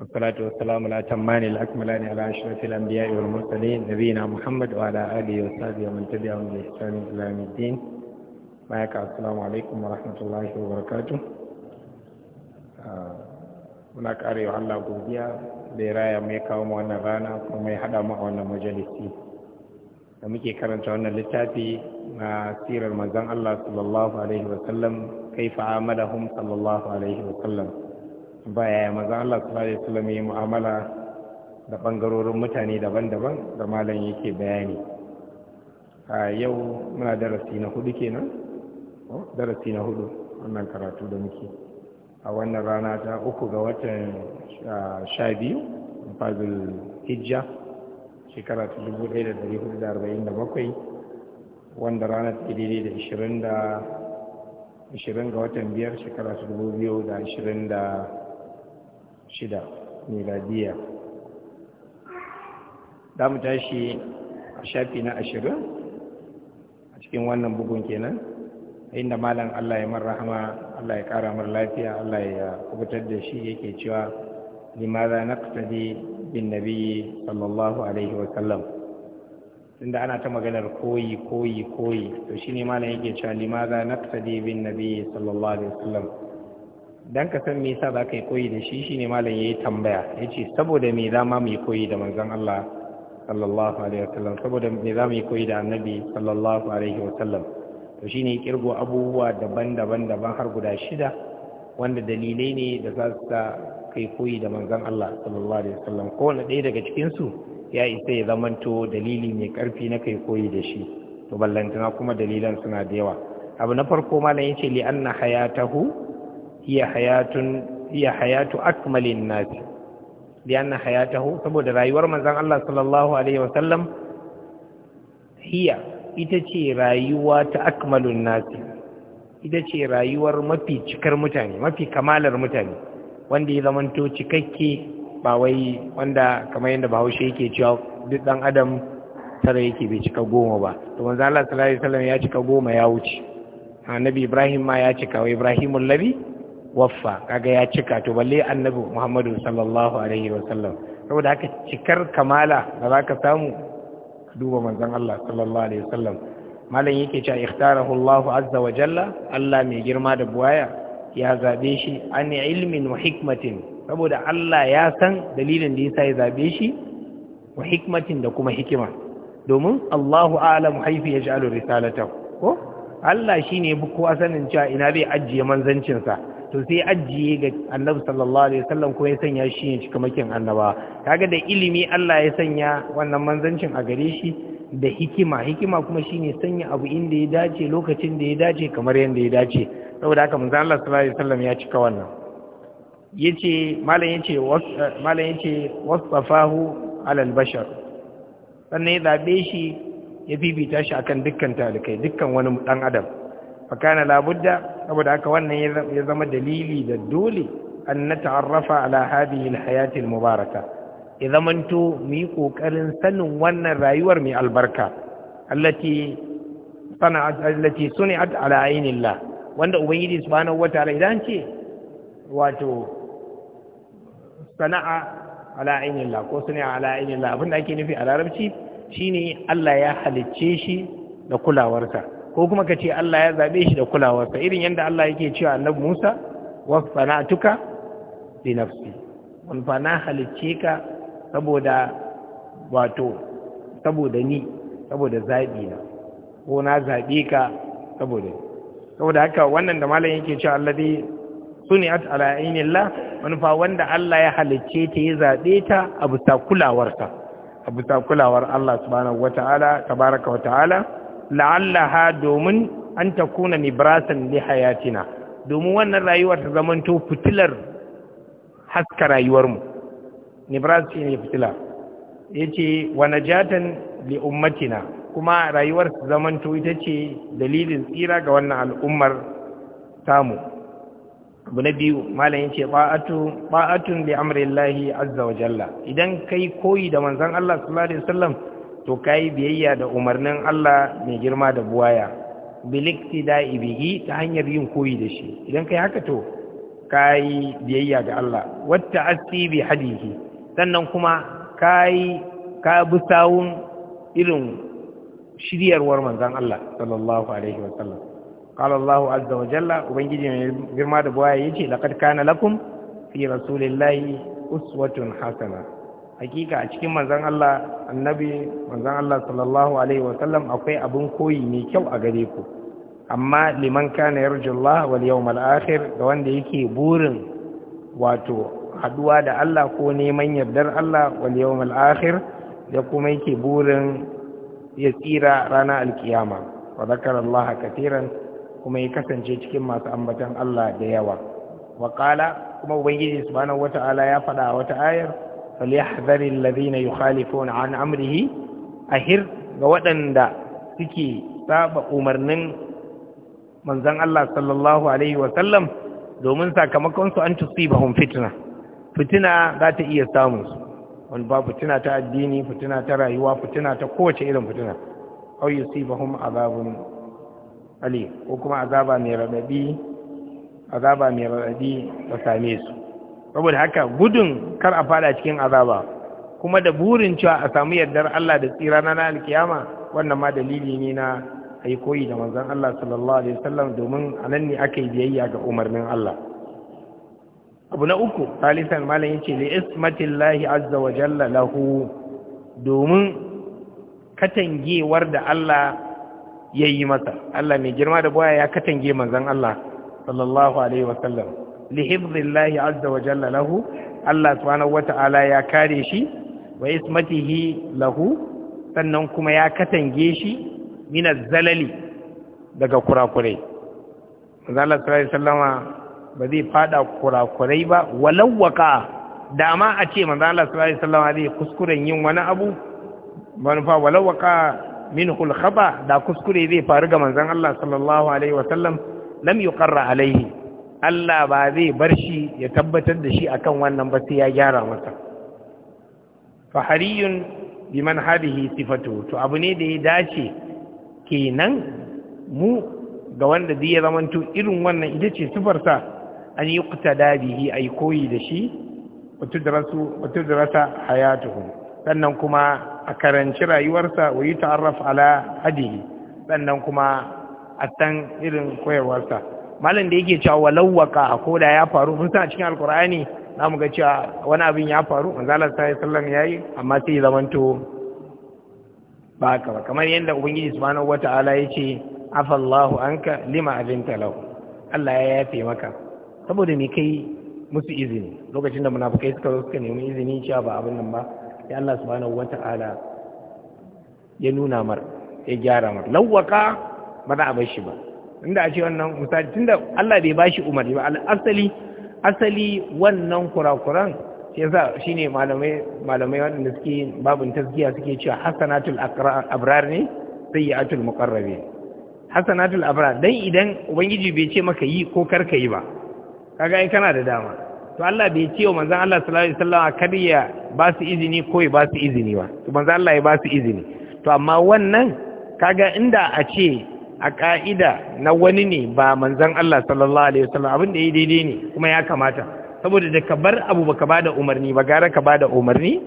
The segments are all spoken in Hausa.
والصلاة والسلام على تمان الأكملان على أشرف الأنبياء والمرسلين نبينا محمد وعلى آله وصحبه ومن تبعهم بإحسان إلى يوم الدين معك السلام عليكم ورحمة الله وبركاته muna ƙara Allah godiya da ya raya mai kawo mu wannan rana kuma mai haɗa mu a wannan majalisi da muke karanta wannan littafi na sirar manzon Allah sallallahu kaifa baya ya maza Allah sallallahu alaihi su lami mu'amala da bangarorin mutane daban-daban da malam yake bayani a yau muna darasi na hudu kenan darasi na hudu wannan karatu da muke a wannan rana ta uku ga watan sha biyu fazil hijja shekara ta dubu ɗaya da dari hudu da arba'in da bakwai wanda rana ta daidai da ishirin da ashirin ga watan biyar shekara ta dubu biyu da ishirin da shida miladiya da mu tashi a shafi na ashirin a cikin wannan bugun kenan inda malam Allah ya marrahama Allah ya kara mar lafiya Allah ya kubutar da shi yake cewa limaza naqtadi bin nabiyyi sallallahu alaihi wa sallam tunda ana ta maganar koyi koyi koyi to shine malam yake cewa limaza naqtadi bin nabiyyi sallallahu alaihi wasallam dan ka san me yasa za ka yi koyi da shi shine malam yayi tambaya yace saboda me za ma mu yi koyi da manzon Allah sallallahu alaihi wasallam saboda me za mu yi koyi da annabi sallallahu alaihi wasallam to shine kirgo abubuwa daban-daban daban har guda shida wanda dalilai ne da za su sa kai koyi da manzon Allah sallallahu alaihi wasallam na ɗaya daga cikin su ya isa ya zamanto dalili mai karfi na kai koyi da shi to ballantana kuma dalilan suna da yawa abu na farko malam yace li anna hayatahu hiya hayatun hiya hayatu akmalin nas lianna hayatahu saboda rayuwar manzon Allah sallallahu alaihi wasallam hiya ita ce rayuwa ta akmalun nas ita ce rayuwar mafi cikar mutane mafi kamalar mutane wanda ya zamanto cikakke ba wai wanda kamar yadda bahaushe yake cewa duk dan adam tare yake bai cika goma ba to manzo Allah sallallahu alaihi wasallam ya cika goma ya wuce annabi Ibrahim ma ya cika wa Ibrahimul ladhi waffa kaga ya cika to balle annabi muhammadu sallallahu alaihi wa sallam saboda haka cikar kamala da za ka samu duba manzon Allah sallallahu alaihi wa sallam malam yake cewa ikhtarahu Allah azza wa jalla Allah mai girma da buwaya ya zabe shi an ilmin wa hikmatin saboda Allah ya san dalilin da yasa ya zabe shi wa hikmatin da kuma hikima domin Allahu a'lamu haifi yaj'alu risalatahu ko Allah shine ya asanin sanin cewa ina zai ajiye manzancinsa to sai ajiye ga annabi sallallahu alaihi wasallam ko ya sanya shi ne cika makin annaba kaga da ilimi Allah ya sanya wannan manzancin a gare shi da hikima hikima kuma shine sanya abu inda ya dace lokacin da ya dace kamar yadda ya dace saboda haka manzo Allah sallallahu alaihi wasallam ya cika wannan yace malam yace malam yace wasafahu alal bashar sannan ya zabe shi ya bibita shi akan dukkan talikai dukkan wani dan adam fakana Labuda saboda haka wannan ya zama dalili da dole an na ta'arrafa ala hadihi alhayati almubaraka ya zamanto mu yi sanin wannan rayuwar mai albarka allati sana'at allati suni'at ala ainillah wanda ubangiji subhanahu wataala idan ce wato sana'a ala ainillah ko suni'a ala ainillah abinda ake nufi a larabci shine Allah ya halicce shi da kulawarsa ko kuma ka ce Allah ya zaɓe shi da kulawarsa irin yadda Allah yake cewa annabi Musa wasfanatuka li nafsi mun fana halicce ka saboda wato saboda ni saboda zaɓi na ko na zaɓe ka saboda ni saboda haka wannan da malam yake cewa Allah dai suni'at ala ainillah fa wanda Allah ya halicce ta ya zaɓe ta a bisa kulawarsa a bisa kulawar Allah subhanahu wataala tabaraka wataala la'allaha domin an ta kuna nibrasan li hayatina domin wannan rayuwar ta zamanto fitilar haska rayuwarmu nibras shi ne fitila ya ce wa najatan li ummatina kuma rayuwar ta zamanto ita ce dalilin tsira ga wannan al'ummar samu abu na biyu malam ya ce ba'atun li amrillahi azza wa jalla idan kai koyi da manzon Allah sallallahu alaihi wasallam to kayi biyayya da umarnin Allah mai girma da buwaya bilikti da ibihi ta hanyar yin koyi da shi idan yi haka to kayi biyayya ga Allah wata asi bi hadihi sannan kuma kayi ka bi sawun irin shiryarwar manzon Allah sallallahu alaihi wa sallam قال الله عز وجل وبنجي من غير ما دبوا يجي لقد كان لكم في رسول الله أسوة حسنة hakika a cikin manzon Allah annabi manzon Allah sallallahu alaihi wa sallam akwai abin koyi mai kyau a gare ku amma liman kana yarjullah wal yawmal akhir ga wanda yake burin wato haduwa da Allah ko neman yardar Allah wal yawmal akhir da kuma yake burin ya tsira rana alkiyama wa zakara Allah katiran kuma ya kasance cikin masu ambatan Allah da yawa wa qala kuma ubangiji subhanahu wata'ala ya faɗa a wata ayar فليحذر الذين يخالفون عن أمره أهر غوطن دا سكي سابق مرنن من زن الله صلى الله عليه وسلم domin sakamakonsu an tusibahum fitna fitina za ta iya samunsu wani ba fitina ta addini fitina ta rayuwa fitina ta kowace irin fitina au yusibahum azabun ali ko kuma azaba mai radadi azaba ta same su saboda haka gudun kar a fada cikin azaba kuma da burin cewa a samu yardar Allah da tsira na alkiyama wannan ma dalili ne na ai koyi da manzon Allah sallallahu alaihi wasallam domin anan ne aka yi biyayya ga umarnin Allah abu na uku salisan malam yace li ismatillahi azza wa jalla lahu domin katangewar da Allah yayi masa Allah mai girma da baya ya katange manzon Allah sallallahu alaihi wasallam li hifzillahi azza wa jalla lahu Allah subhanahu ya kare shi wa ismatihi lahu sannan kuma ya katange shi min zalali daga kurakurai Allah sallallahu alaihi wasallama ba zai fada kurakurai ba walawwaka dama a ce manzo Allah sallallahu alaihi wasallama zai kuskuren yin wani abu manufa walawwaka minhul khaba da kuskure zai faru ga manzon Allah sallallahu alaihi wasallam lam yuqarra alaihi Allah ba zai bar shi ya tabbatar da shi akan wannan ba sai ya gyara masa fahariyun biman hadihi sifatu to abu ne da ya dace kenan mu ga wanda zai ya zamanto irin wannan ita ce sifarsa an yi da bihi a yi koyi da shi wata darasa hayatuhu sannan kuma a karanci rayuwarsa wa yi ta'arraf ala hadihi sannan kuma a san irin koyarwarsa malam da yake cewa walawaka ko da ya faru mun a cikin alkur'ani za ga cewa wani abin ya faru manzalar sai sallam yayi amma sai zamanto ba haka ba kamar yadda ubangiji subhanahu wata'ala ya ce afallahu anka lima abin law Allah ya yafe maka saboda me kai musu izini lokacin da munafukai suka zo suka nemi izini cewa ba abin nan ba ya Allah subhanahu wata'ala ya nuna mar ya gyara mar Lawaka, ba za a bar shi ba inda a ce wannan misali tunda Allah bai bashi umarni ba asali asali wannan kurakuran shi yasa shine malamai malamai wanda suke babin tazkiya suke cewa hasanatul abrar ne sayyatul muqarrabi hasanatul abrar dan idan ubangiji bai ce maka yi ko kar ka yi ba kaga ai kana da dama to Allah bai ce wa manzon Allah sallallahu alaihi wasallam kar ya ba su izini ko ya ba su izini ba to manzon Allah ya ba su izini to amma wannan kaga inda a ce a ka'ida na wani ne ba manzan Allah sallallahu alaihi wasallam abin da ya daidai ne kuma ya kamata saboda da ka bar abu baka bada umarni ba gara ka bada umarni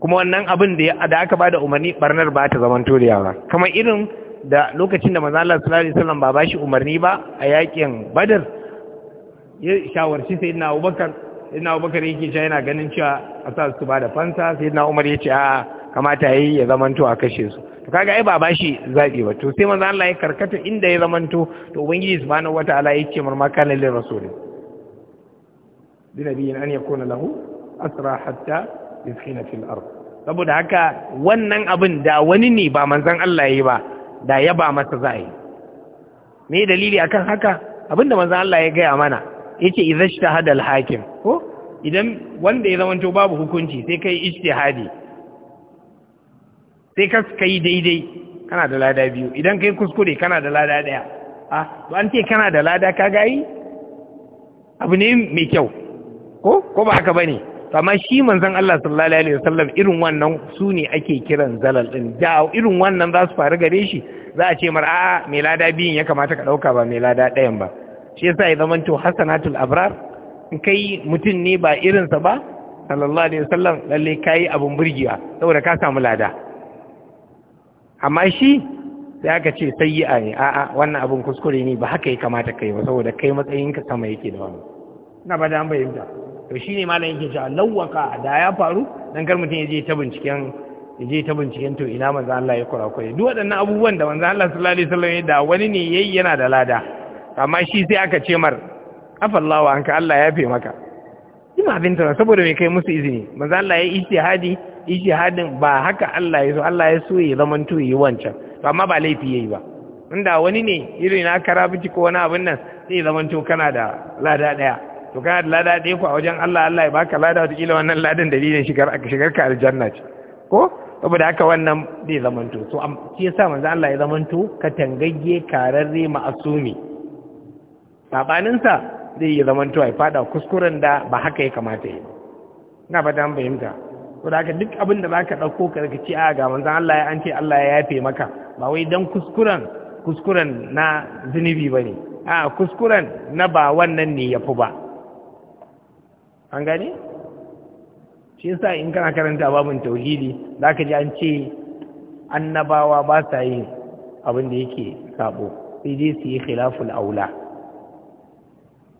kuma wannan abin da da aka bada umarni barnar ba ta zaman torewa Kama irin da lokacin da manzan Allah sallallahu alaihi wasallam ba ba shi umarni ba a yakin Badar ya shawarci sayyidina Abubakar sayyidina Abubakar yake cewa yana ganin cewa a sa su bada fansa sayyidina Umar ce a kamata yayi ya zaman to a kashe su to kaga ai ba ba shi zabi ba to sai manzo Allah ya karkata inda ya zamanto to ubangiji subhanahu wataala ya ce marma kana lil rasul bi nabiyyin an yakuna lahu asra hatta yuskhina fil ard saboda haka wannan abin da wani ne ba manzon Allah yayi ba da ya ba masa zai me dalili akan haka abinda manzon Allah ya gaya mana yace idza al hakim ko idan wanda ya zamanto babu hukunci sai kai ijtihadi sai ka yi daidai kana da lada biyu idan kai kuskure kana da lada daya a to an ce kana da lada ka gayi abu ne mai kyau ko ko ba haka bane amma shi manzon Allah sallallahu alaihi wasallam irin wannan su ne ake kiran zalal din da irin wannan za su faru gare shi za a ce mar a mai lada biyun ya kamata ka ɗauka ba mai lada ɗayan ba shi yasa ya zama to hasanatul abrar in kai mutum ne ba irinsa ba sallallahu alaihi wasallam lalle kai abun burgiya saboda ka samu lada amma shi sai aka ce sayyi'a ne a'a wannan abin kuskure ne ba haka ya kamata kai ba saboda kai matsayinka sama yake da wani na ba da an bayyanta to ne malam yake cewa lawaka da ya faru dan kar mutum ya je ta binciken ya je ta binciken to ina manzo Allah ya kurakure duk waɗannan abubuwan da manzo Allah sallallahu alaihi wasallam ya da wani ne yayi yana da lada amma shi sai aka ce mar afallahu anka Allah ya fe maka ima abin ta saboda me kai musu izini manzo Allah ya yi istihadi hadin ba haka Allah ya so Allah ya so ya zaman to yi wancan amma ba laifi yayi ba inda wani ne irin na karabici ko wani abin nan sai zaman to kana da lada daya to kana da lada daya ko a wajen Allah Allah ya baka lada da kila wannan ladan dalilin shigar shigar ka aljanna ce ko saboda haka wannan zai zamanto to shi yasa manzo Allah ya to ka tangagge kararre ma'asumi sabanin sa zai yi to ai fada kuskuren da ba haka ya kamata yi ina fata an fahimta saboda duk abin da zaka dauko ka ce a ga manzon Allah ya ance Allah ya yafe maka ba wai dan kuskuren kuskuren na zinubi bane a kuskuren na ba wannan ne yafi ba an gane shi yasa in kana karanta babin tauhidi zaka ji an ce annabawa ba sa yin abin da yake sabo sai dai su yi khilaful aula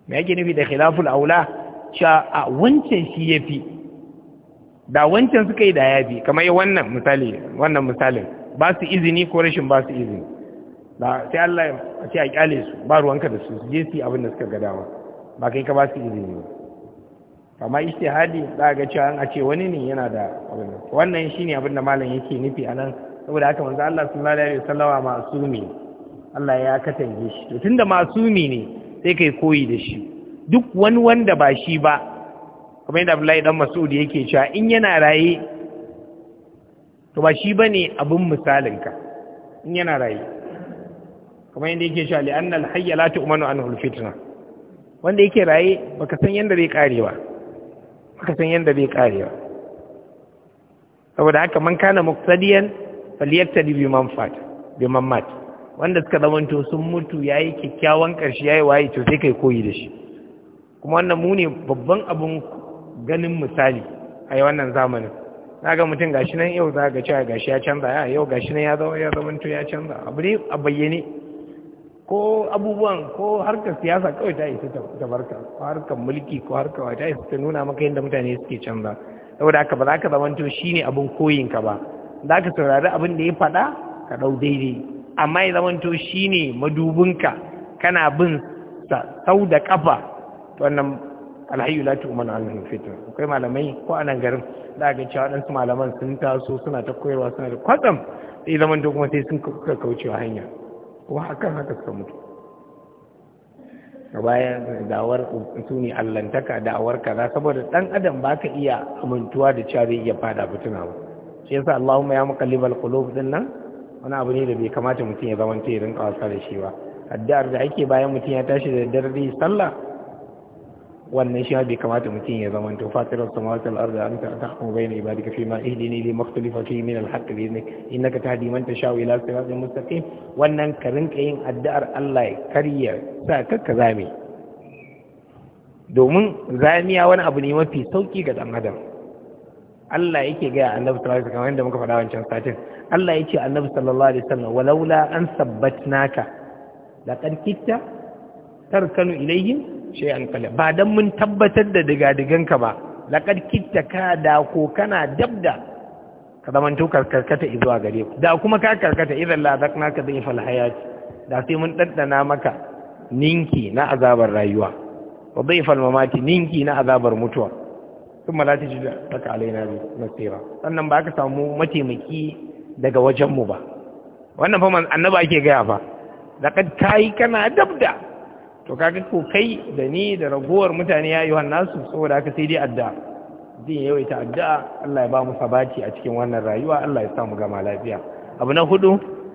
me yake nufi da khilaful aula cha a wancan shi yafi da wancan suka yi da ya bi kamar wannan misali wannan misalin ba su izini ko rashin ba su izini da sai Allah ya ce a kyale su ba ruwanka da su je su abin da suka ga dama ba kai ka ba su izini ba amma hadi za ga cewa an a ce wani ne yana da abin wannan shine abin da malam yake nufi anan saboda haka manzo Allah sallallahu alaihi wasallama masumi Allah ya katange shi to tunda masumi ne sai kai koyi da shi duk wani wanda ba shi ba kuma yadda Abdullahi dan Mas'ud yake cewa in yana raye to ba shi bane abin misalinka in yana raye kuma yadda yake cewa li anna hayya la tu'manu anhu al-fitna wanda yake raye baka san yanda zai kare ba baka san yanda zai kare ba saboda haka man kana muqtadiyan falyaktadi bi man fat bi man mat wanda suka zamanto sun mutu yayi kikkiawan karshe yayi waye to sai kai koyi da shi kuma wannan mu ne babban abun ganin misali a yi wannan zamanin na ga mutum gashi nan yau za ga cewa gashi ya canza a yau gashi nan ya zama ya to ya canza abu ne a bayyane ko abubuwan ko harkar siyasa kawai ta isa ta barka ko harkar mulki ko harkar wata isa ta nuna maka yadda mutane suke canza saboda haka ba za ka shi ne abin koyinka ba za ka saurari abin da ya faɗa ka ɗau daidai amma ya shi ne madubinka kana bin sa sau da ƙafa wannan alhayu la tu'manu anhu fitna akwai malamai ko anan garin da ga cewa waɗansu malaman sun taso suna ta koyarwa suna da kwatsam sai zaman to kuma sai sun kaucewa hanya kuma hakan haka suka mutu bayan dawar suni allantaka dawar kaza saboda dan adam baka iya amintuwa da cewa zai iya fada fitina ba shi yasa Allahumma ya muqallibal qulub din wani abu ne da bai kamata mutum ya zama ta rinka wasa da shi ba addu'ar da ake bayan mutum ya tashi da daddare sallah wannan shi bai kamata mutum ya zama to fatirar samawati wal ardi bayna ibadika fima ihdini li min al haqq bi idnik innaka tahdi man tasha ila siratin mustaqim wannan ka rinka yin addu'ar Allah ya karya sa ka zame domin zamiya wani abu ne mafi sauki ga dan adam Allah yake gaya annabi sallallahu alaihi wasallam muka faɗa wancan satin Allah yake annabi sallallahu alaihi wasallam walaula an sabbatnaka laqad kitta tarkanu ilayhim shay'an qalil ba dan mun tabbatar da digadiganka ba laqad kitta ka da ko kana dabda ka zaman to karkata izuwa gare ku da kuma ka karkata idan la zaknaka bi fal hayat da sai mun daddana maka ninki na azabar rayuwa wa dhifal mamati ninki na azabar mutuwa kuma la da laka alaina bi nasira sannan ba ka samu mataimaki daga wajenmu ba wannan fa annabi ake gaya fa laqad kai kana dabda to kaga ko kai da ni da ragowar mutane ya yi nasu saboda haka sai dai addu'a zai yawaita addu'a Allah ya ba mu sabati a cikin wannan rayuwa Allah ya sa mu gama lafiya abu na hudu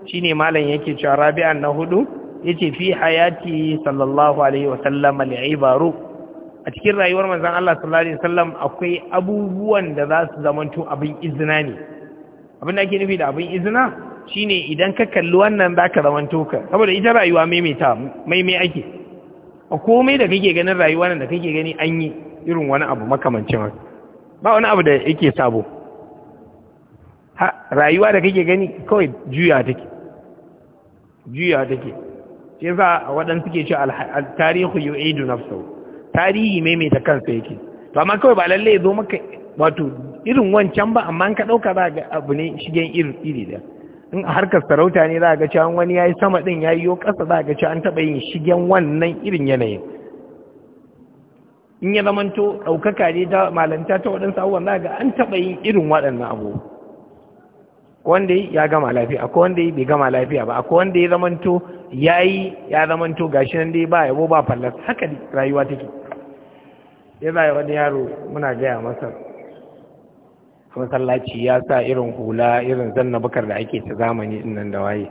shine malam yake cewa rabi'an na hudu yace fi hayati sallallahu alaihi wa sallam al-ibaru a cikin rayuwar manzon Allah sallallahu alaihi sallam akwai abubuwan da za su zamanto abin izina ne abin da ake nufi da abin izina shine idan ka kalli wannan zaka zama ka saboda ita rayuwa maimaita maimai ake a komai da kake ganin rayuwa nan da kake gani an yi irin wani abu makamancin haka ba wani abu da yake sabo rayuwa da kake gani kawai juya take juya take shi yasa waɗanda suke cewa tarihu yu'idu nafsu tarihi maimaita kansa yake to amma kawai ba lalle ya zo maka wato irin wancan ba amma ka dauka ba ga abu ne shigen iri iri da in harkar sarauta ne za a ga cewa wani ya yi sama ɗin ya yi ƙasa za a ga cewa an taɓa yin shigen wannan irin yanayin in ya zamanto ɗaukaka ne ta malanta ta waɗansu abubuwan za a ga an taɓa yin irin waɗannan abu wanda ya gama lafiya akwai wanda bai gama lafiya ba akwai wanda ya zamanto ya yi ya zamanto gashi nan dai ba yabo ba fallas haka rayuwa take ya zai wani yaro muna gaya masa masallaci ya sa irin hula irin zanna bakar da ake ta zamani din nan da waye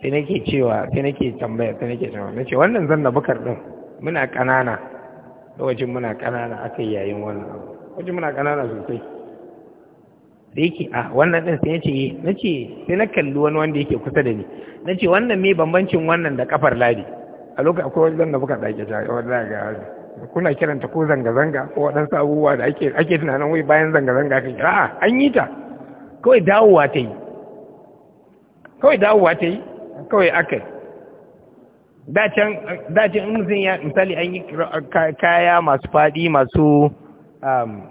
sai nake cewa sai nake tambaya sai nake cewa nace wannan zanna bakar din muna kanana lokacin muna kanana aka yi yayin wannan abu lokacin muna kanana sosai sai yake a ah, wannan din sai yace eh, nace sai na kalli wani wanda yake kusa da ni nace wannan me bambancin wannan da kafar ladi a lokacin akwai wani zanna bakar da ake ta wannan ga kuna kiranta ko zanga-zanga ko waɗansu abubuwa da ake tunanin wai bayan zanga-zanga kan yi a'a an yi ta kawai dawowa ta yi kawai dawowa ta yi kawai aka yi dacin in mutum ya misali an yi kaya masu faɗi masu um,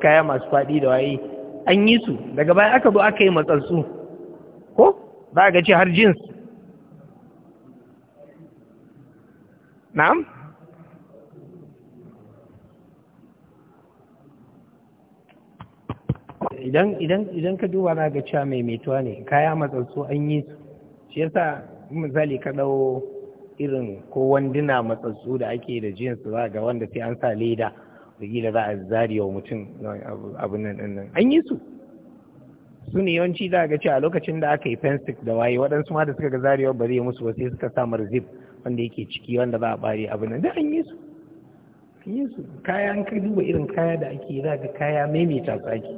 kaya masu faɗi da waye an yi su daga bayan aka zo aka yi matsatsu ko za a ga ce har jins na'am idan idan idan ka duba za ga cewa maimaituwa ne kaya matsatsu an yi su shi yasa misali ka ɗau irin ko wanduna matsatsu da ake da jinsu za ga wanda sai an sa leda da za a zari wa mutum abin nan nan an yi su su ne yawanci za ga cewa lokacin da aka yi fensik da waye waɗansu ma da suka ga zarewar ba zai musu wasu, sai suka sa marzib wanda yake ciki wanda za a bari abin nan da an yi su an yi su kaya an ka duba irin kaya da ake za ga kaya maimaita su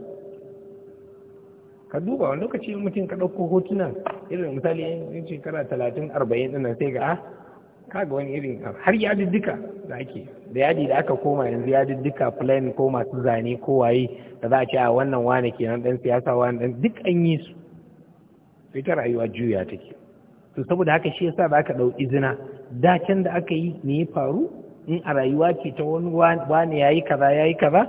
ka duba wani lokaci mutum ka ɗauko hotunan irin misali yin shekara talatin arba'in ɗin sai ga ah, ka ga wani irin har duka da ake da yadi da aka koma yanzu duka plan ko masu zane ko waye da za a ce a ah, wannan wane kenan ɗan siyasa wane ɗan duk an yi su sai ta rayuwa juya take to saboda haka shi yasa ba ka ɗau izina dacen da aka yi ne ya faru in a rayuwa ce ta wani wane yayi kaza yayi kaza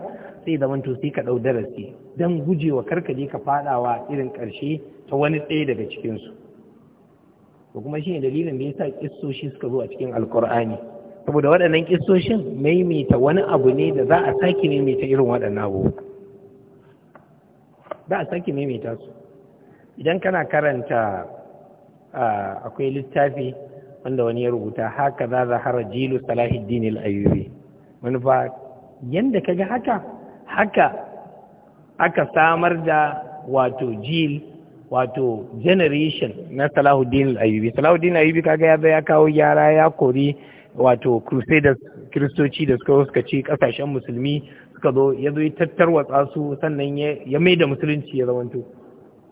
sai zaman to sai ka ɗau darasi don gujewa karkaje ka fadawa irin karshe ta wani tsaye daga cikinsu to kuma shi ne dalilin da ya sa kistoshi suka zo a cikin alkur'ani saboda waɗannan kistoshin maimaita wani abu ne da za a sake maimaita irin waɗannan abu. za a sake maimaita su idan kana karanta akwai littafi wanda wani ya rubuta haka za za hara jilu salahiddin al-ayyubi manufa yadda ka ga haka haka aka samar da wato jil wato generation na Salahuddin Ayyubi Salahuddin Ayubi kaga ya ya kawo yara ya kori wato crusaders kristoci da suka suka ci kasashen musulmi suka zo ya zo ya sannan ya mai da musulunci ya zamanto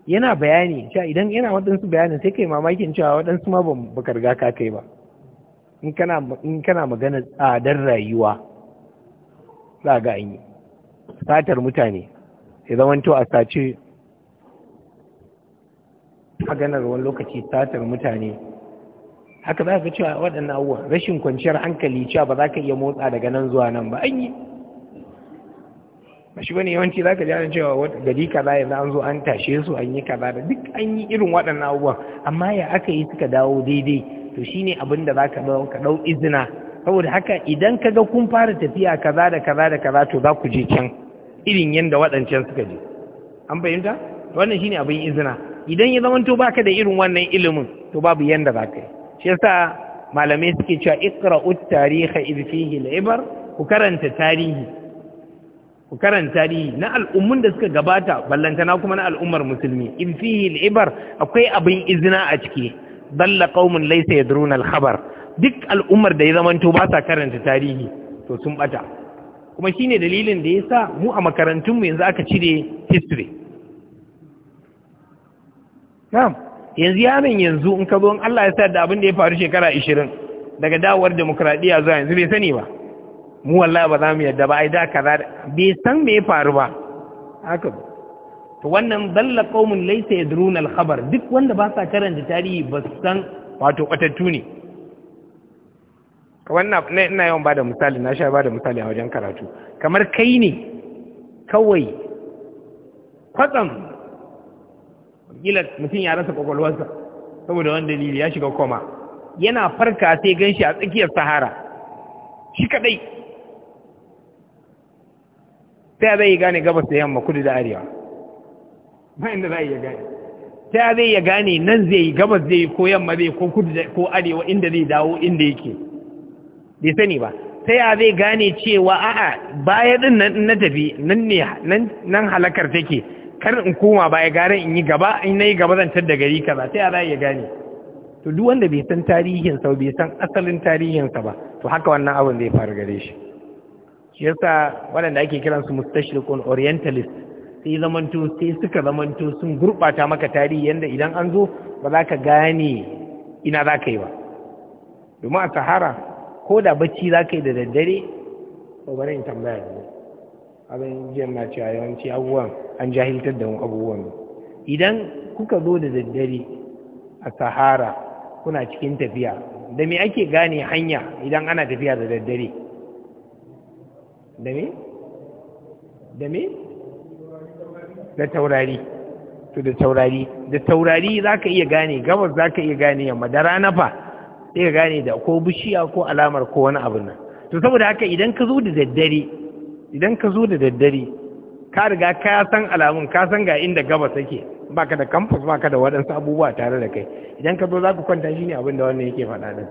yana bayani cewa idan yana waɗansu bayanin sai kai mamakin cewa waɗansu ma ba ka riga ka kai ba in kana magana tsadar rayuwa za ga an yi satar mutane ya to a sace maganar wani lokaci satar mutane haka za ka cewa waɗannan abubuwa rashin kwanciyar hankali cewa ba za ka iya motsa daga nan zuwa nan ba an yi ba shi yawanci za ka jana cewa gari kaza yanzu an zo an tashe su an yi kaza da duk an yi irin waɗannan abubuwa amma ya aka yi suka dawo daidai to shi ne abin da za ka ɗau izina saboda haka idan ka ga kun fara tafiya kaza da kaza da kaza to za ku je can irin yadda waɗancan suka je an fahimta wannan shine abin izina idan ya zamanto baka da irin wannan ilimin to babu yanda za ka yi shi yasa malamai suke cewa iqra'ut tariha id fihi al ku karanta tarihi ku karanta tarihi na al'ummun da suka gabata na kuma na al'ummar musulmi id fihi al akwai abin izina a ciki dalla qaumun laysa yadruna al-khabar duk al'ummar da ya zamanto ba sa karanta tarihi to sun bata kuma shi ne dalilin da ya sa mu a makarantunmu yanzu aka cire history na'am yanzu yaron yanzu in ka zo Allah ya sa da abin da ya faru shekara 20 daga dawowar demokradiya zuwa yanzu bai sani ba mu wallahi ba za mu yadda ba ai da kaza bai san me ya faru ba haka ba to wannan dalla qaumun laysa yadruna al-khabar duk wanda ba sa karanta tarihi ba san wato kwatattu ne wannan na ina yawan da misali na sha ba da misali a wajen karatu kamar kai ne kawai kwatsam gilas mutum ya rasa kwakwalwarsa saboda wani dalili ya shiga koma yana farka sai gan shi a tsakiyar sahara shi kadai ta zai gane gabas da yamma kudu da arewa bayan da za yi ya gane ta zai ya gane nan zai yi gabas zai ko yamma zai ko kudu ko arewa inda zai dawo inda yake bai sani ba sai a zai gane cewa a'a baya din nan na tafi nan ne nan halakar take kar in koma baya gara in yi gaba in nayi gaba zan tar da gari kaza sai a za ya gane to duk wanda bai san tarihin bai san asalin tarihinsa ba to haka wannan abin zai faru gare shi shi yasa waɗanda ake kiran su mustashriqun orientalist sai zamanto sai suka zamanto sun gurbata maka tarihi yanda idan an zo ba za ka gane ina za ka yi ba domin a sahara ko da bacci za ka yi da daddare ko bari in tambaya ne abin jiya na cewa yawanci abubuwan an jahiltar da abubuwan idan kuka zo da daddare a sahara kuna cikin tafiya da me ake gane hanya idan ana tafiya da daddare da me da me da taurari to da taurari da taurari za ka iya gane gabas za ka iya gane yamma da rana fa sai ka gane da ko bishiya ko alamar ko wani abin nan to saboda haka idan ka zo da daddare idan ka zo da daddare ka riga ka san alamun ka san ga inda gaba take baka da campus baka da waɗansu abubuwa tare da kai idan ka zo za ku kwanta shi ne abin da wannan yake faɗa din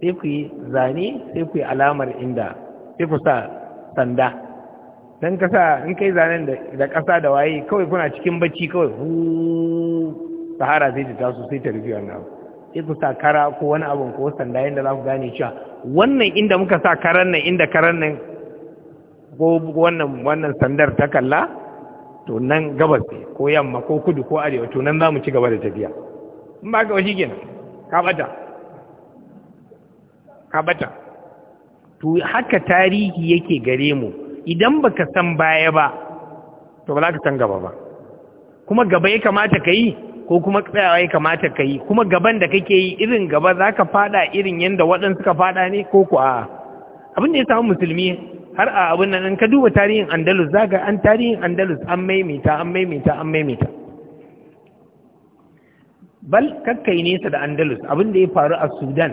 sai ku yi zane sai ku yi alamar inda sai ku sa sanda dan ka sa in kai zanen da ƙasa da waye kawai kuna cikin bacci kawai sahara zai ta taso sai ta rufe wannan abu sai ku sa kara ko wani abin ko sanda yadda za ku gane cewa wannan inda muka sa karan nan inda karan nan ko wannan wannan sandar ta kalla to nan gabas ne ko yamma ko kudu ko arewa to nan za mu ci gaba da tafiya in ba ka wasi kenan ka bata ka bata to haka tarihi yake gare mu idan baka san baya ba to ba za ka san gaba ba kuma gaba ya kamata ka yi ko kuma tsayawa ya kamata ka yi kuma gaban da kake yi irin gaba za ka fada irin yadda waɗansu suka fada ne ko ku a abin da ya samu musulmi har a abin nan ka duba tarihin andalus za ga an tarihin andalus an maimaita an maimaita an maimaita bal kakkai nesa da andalus abin da ya faru a sudan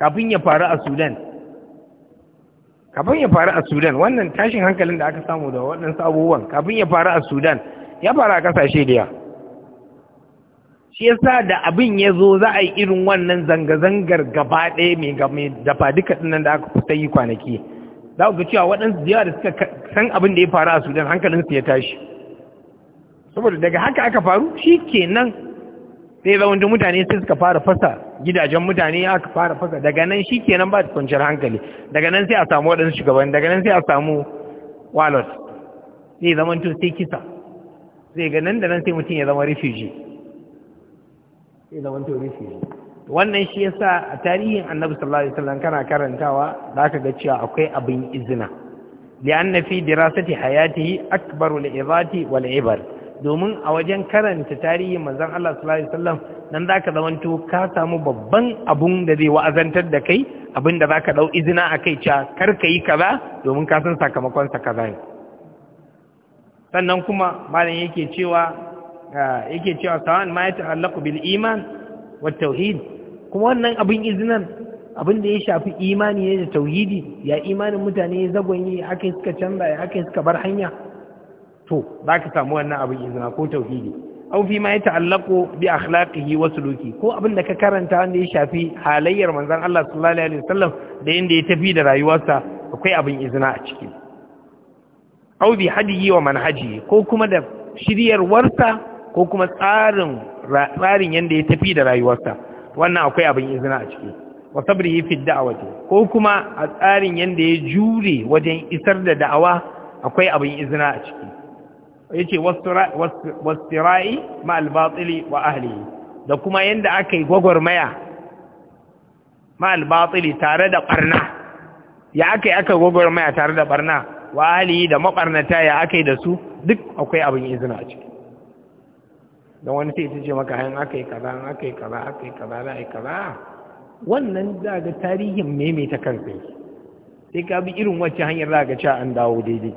kafin ya faru a sudan kafin ya faru a sudan wannan tashin hankalin da aka samu da waɗansu abubuwan kafin ya faru a sudan ya faru a ƙasashe da yawa shi yasa da abin ya zo za a yi irin wannan zanga-zangar gaba ɗaya mai dafa duka ɗinnan da aka fita yi kwanaki za ku ga cewa waɗansu da yawa da suka san abin da ya faru a sudan hankalinsu ya tashi saboda daga haka aka faru shi ke nan. sai zaun da mutane sai suka fara fasa gidajen mutane aka fara fasa daga nan shi ke nan ba ta kwanciyar hankali daga nan sai a samu waɗansu shugaban daga nan sai a samu wallet zai zama to sai kisa zai ga nan da nan sai mutum ya zama refugee sai zaman tori shi wannan shi yasa a tarihin annabi sallallahu alaihi wasallam kana karantawa zaka ga cewa akwai abin izina anna fi dirasati hayatihi akbaru izati wal ibar domin a wajen karanta tarihin manzon Allah sallallahu alaihi wasallam nan zaka zamanto ka samu babban abun da zai wa'azantar da kai abin da za ka dau izina akai cewa kar ka yi kaza domin ka san sakamakon sa kaza ne sannan kuma malam yake cewa yake cewa sawan ma ya ta'allaku bil iman wa tauhid kuma wannan abin iznan abin da ya shafi imani ne da tauhidi ya imanin mutane ya yi haka suka canza ya haka suka bar hanya to za ka samu wannan abin izina ko tauhidi Aufi fi ma ya ta'allaku bi akhlaqihi wa suluki ko abin da ka karanta wanda ya shafi halayyar manzon Allah sallallahu alaihi wasallam da yanda ya tafi da rayuwarsa akwai abin izina a ciki au bi hadiyi wa manhaji ko kuma da shiryarwarsa ko kuma tsarin tsarin yanda ya tafi da rayuwarsa wannan akwai abin izina a ciki wa sabri fi da'wati ko kuma a tsarin yanda ya jure wajen isar da da'awa akwai abin izina a ciki yace wastira'i ma al-batili wa ahlihi da kuma yanda aka yi gwagwarmaya ma al-batili tare da barna ya aka yi aka gwagwarmaya tare da barna wa ahlihi da mabarnata ya aka yi da su duk akwai abin izina a ciki don wani sai ce maka hanyar aka yi kaza aka yi kaza aka yi kaza za a yi kaza wannan za ga tarihin maimaita kansa sai ka bi irin wacce hanyar za ga cewa an dawo daidai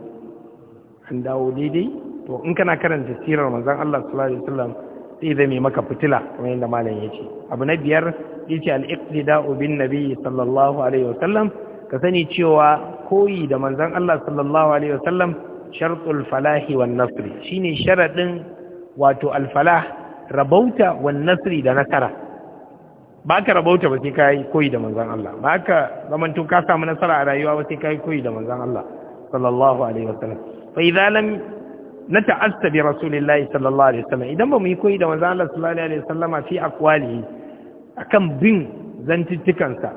an dawo daidai to in kana karanta sirar manzon Allah sallallahu alaihi wasallam sai zai mai maka fitila kamar yadda malam ya ce abu na biyar yace al-iqtida'u bin nabiy sallallahu alaihi wasallam ka sani cewa koyi da manzon Allah sallallahu alaihi wasallam shartul falahi wan nasri shine sharadin wato alfalah rabauta wan nasri da nasara ba ka rabauta ba sai ka yi koyi da manzan Allah ba ka zamanto ka samu nasara a rayuwa ba sai ka yi koyi da manzan Allah sallallahu alaihi wasallam fa idza lam nata'assa bi rasulillahi sallallahu alaihi wasallam idan ba mu yi koyi da manzan Allah sallallahu alaihi wasallama fi aqwalihi akan bin zantuttukansa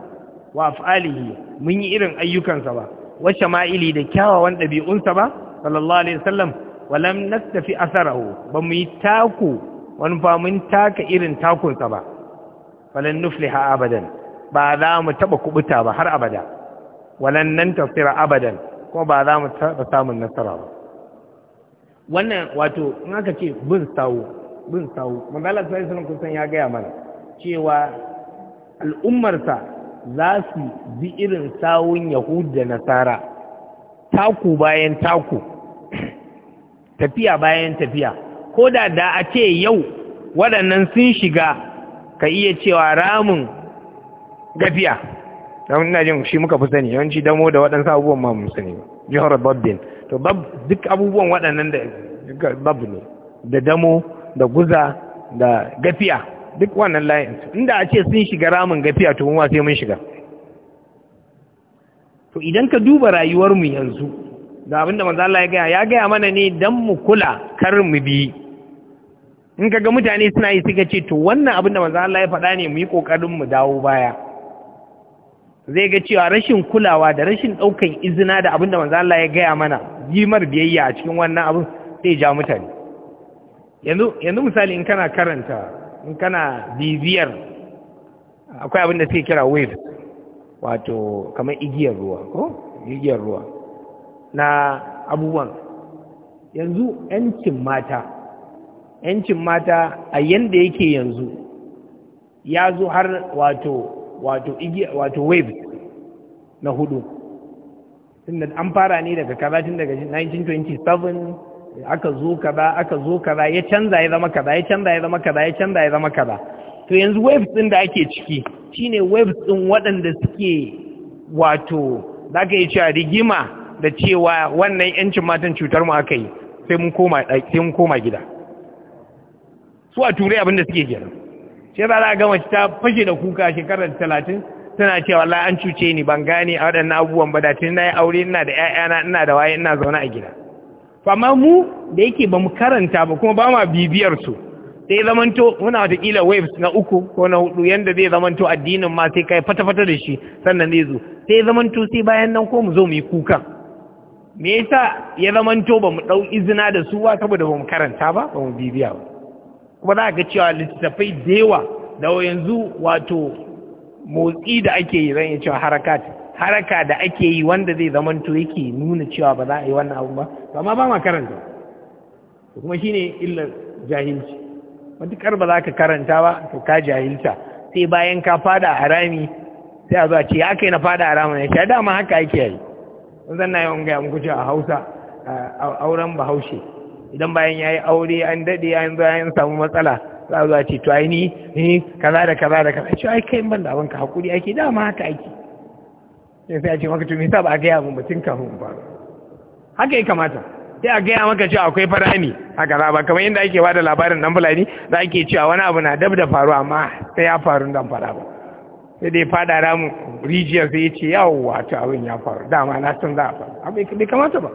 wa af'alihi mun yi irin ayyukansa ba wa shama'ili da kyawawan ɗabi'unsa ba sallallahu alaihi wasallam walam nastafi asarahu ba mu yi taku wani ba mun taka irin takunsa ba falan nufliha abadan ba za mu taba kubuta ba har abada walan nan tafsira abadan kuma ba za mu taba samun nasara ba wannan wato in aka ce bin sawu bin sawu manzala sallallahu alaihi kusan ya gaya mana cewa al'ummarsa za su bi irin sawun yahud da nasara taku bayan taku tafiya bayan tafiya ko da da a ce yau waɗannan sun shiga ka iya cewa ramin gafiya don ina jin shi muka fi sani yawanci damo da waɗansu abubuwan ma mun sani jihar babbin to bab duk abubuwan waɗannan da bab ne da damo da guza da gafiya duk wannan layin inda a ce sun shiga ramin gafiya to mun sai mun shiga to idan ka duba rayuwarmu yanzu da abinda manzo ya gaya ya gaya mana ne dan mu kula kar mu bi in kaga mutane suna yi suka ce to wannan abinda manzo ya faɗa ne mu yi kokarin mu dawo baya zai ga cewa rashin kulawa da rashin ɗaukan izina da abinda manzo ya gaya mana mar biyayya a cikin wannan abin zai ja mutane yanzu yanzu misali in kana karanta in kana bibiyar akwai abin da suke kira wave wato kamar igiyar ruwa ko igiyar ruwa na abubuwan yanzu 'yancin mata 'yancin mata a yanda yake yanzu ya zo har wato wato igi wato wave na hudu tunda an fara ne daga kaza tun daga 1927 aka zo kaza aka zo kaza ya canza ya zama kaza ya canza ya zama kaza ya canza ya zama kaza to yanzu waves din da ake ciki shine waves din waɗanda suke wato zaka yi cewa rigima da cewa wannan yancin matan cutar mu aka yi sai mun koma gida su a turai abinda suke kenan sai za a ga mace ta fashe da kuka shekarar talatin tana cewa la an cuce ni ban gane a waɗannan abubuwan ba da tun na yi aure ina da 'ya'yana, ina da waye ina zaune a gida fama mu da yake ba mu karanta ba kuma ba ma bibiyar su sai zamanto muna watakila waves na uku ko na hudu yadda zai zamanto addinin ma sai kai fata-fata da shi sannan zai zo sai zamanto sai bayan nan ko mu zo mu yi kukan me yasa ya zamanto ba mu ɗau izina da su ba saboda ba mu karanta ba ba mu bibiya ba kuma za ga cewa littattafai da yawa da yanzu wato motsi da ake yi zan yi cewa harakat haraka da ake yi wanda zai zamanto yake nuna cewa ba za a yi wannan abu ba amma ba ma karanta kuma shine illar jahilci matukar ba za ka karanta ba to ka jahilta sai bayan ka fada harami sai a zuwa ce ya kai na fada harami ya sha dama haka ake yi in zan na yawan gaya muku ce a hausa auren bahaushe idan bayan ya yi aure an daɗe an zo an samu matsala za a zuwa ce to ai ni ni kaza da kaza da kaza ce ai kai ban da abin ka hakuri ake dama haka ake sai sai a ce makatu to me yasa ba a gaya mun batun kafin ba haka ya kamata sai a gaya maka cewa akwai farami haka za ba kamar yadda ake bada labarin dan fulani za ake cewa wani abu na dab da faru amma sai ya faru dan fara ba sai dai fada ramu rijiyar sai ya ce yawon wato abin ya faru dama na san za a faru abu bai kamata ba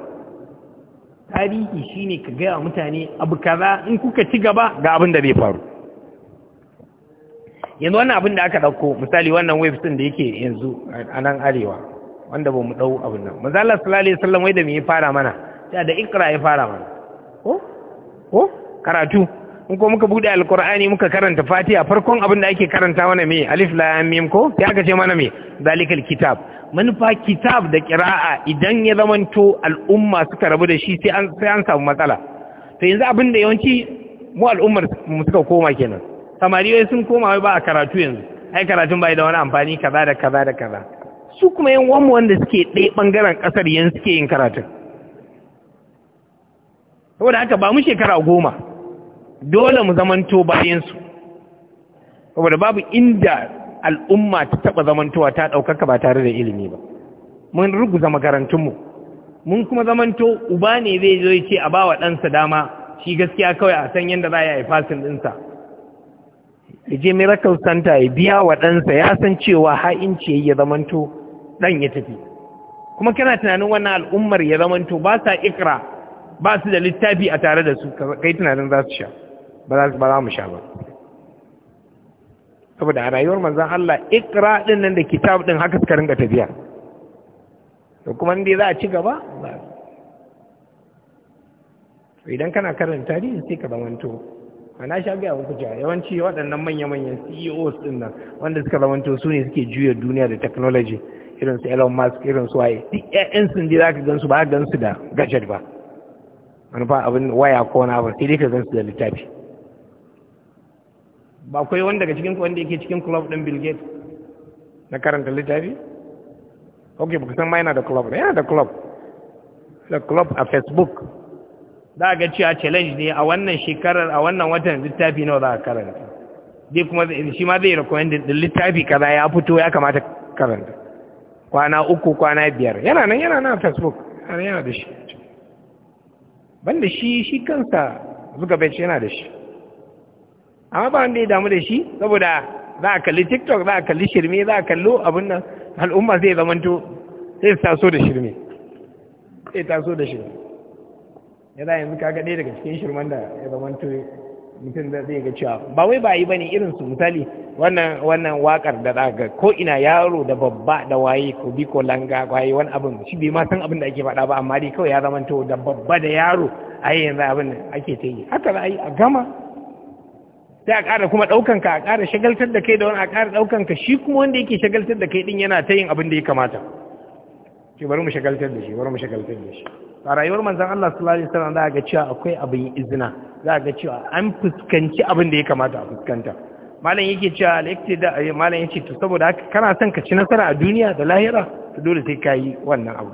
tarihi shi ne ka gaya mutane abu kaza in kuka ci gaba ga abin da zai faru yanzu wannan abin da aka ɗauko misali wannan websin da yake yanzu a nan arewa wanda ba mu ɗau abin nan mazalar salalai sallan wai da mai fara mana ta da ikra ya fara mana ko ko karatu in ko muka bude alkur'ani muka karanta fatiha farkon abin da ake karanta mana me alif lam mim ko sai aka ce mana mai zalikal kitab manufa kitab da qira'a idan ya zamanto al'umma suka rabu da shi sai an sai samu matsala ta yanzu abin da yawanci mu al'ummar mu suka koma kenan samariyoyi sun koma wai ba a karatu yanzu ai karatun bai da wani amfani kaza da kaza da kaza su kuma yan wamu wanda suke ɗaya bangaren kasar yan suke yin karatun saboda haka ba mu shekara goma dole mu zamanto bayansu saboda babu inda al'umma ta taɓa zamantowa ta ɗaukaka ba tare da ilimi ba mun ruguza makarantunmu mun kuma zamanto uba ne zai zo ce a bawa ɗansa dama shi gaskiya kawai a san yadda za a yi fasin ɗinsa ya je miracle center ya biya wa ɗansa ya san cewa ha'inci ya zamanto ɗan ya tafi kuma kana tunanin wannan al'ummar ya zamanto ba sa ikra ba su da littafi a tare da su kai tunanin za su sha ba za mu sha ba saboda a rayuwar manzan Allah ikra din nan da kitab din haka suka ringa tafiya da kuma inda za a ci gaba idan kana karanta tarihi sai ka zamanto ana sha biya wa kuja yawanci waɗannan manya-manyan ceos din nan wanda suka zamanto su ne suke juya duniya da technology irin su Elon Musk irin su waye duk ƴaƴan sun je zaka gansu ba gansu da gadget ba manufa abin waya ko na ba sai dai ka gansu da littafi ba akwai wanda daga cikin wanda yake cikin club din Bill Gates na karanta littafi ok ba san ma yana da club yana da club da club a Facebook za ga cewa challenge ne a wannan shekarar a wannan watan littafi nawa za ka karanta dai kuma shi ma zai recommend din littafi kaza ya fito ya kamata karanta kwana uku kwana biyar yana nan yana nan Facebook yana da shi banda shi shi kansa zuga bai yana da shi amma ba wanda ya damu da shi saboda za a kalli tiktok za a kalli shirme za a kallo abin nan al'umma zai zamanto sai taso da shirme sai taso da shirme ya za yanzu kaga ɗaya daga cikin shirman da ya zamanto mutum zai ga cewa ba wai ba yi ba ne irin su misali wannan wannan wakar da za ga ko ina yaro da babba da waye ko bi ko langa waye wani abin shi bai ma san abin da ake faɗa ba amma dai kawai ya zamanto da babba da yaro a yanzu abin ake ta yi haka za a yi a gama sai a ƙara kuma ɗaukan ka a ƙara shagaltar da kai da wani a ƙara ɗaukan ka shi kuma wanda yake shagaltar da kai ɗin yana ta yin abin da ya kamata ce bari mu shagaltar da shi bari mu shagaltar da shi a rayuwar manzan Allah sallallahu alaihi wasallam za ga cewa akwai abin izina za ga cewa an fuskanci abin da ya kamata a fuskanta malam yake cewa lekti da eh, malam yace to saboda haka kana son ka ci nasara a duniya da lahira to dole sai ka yi wannan abu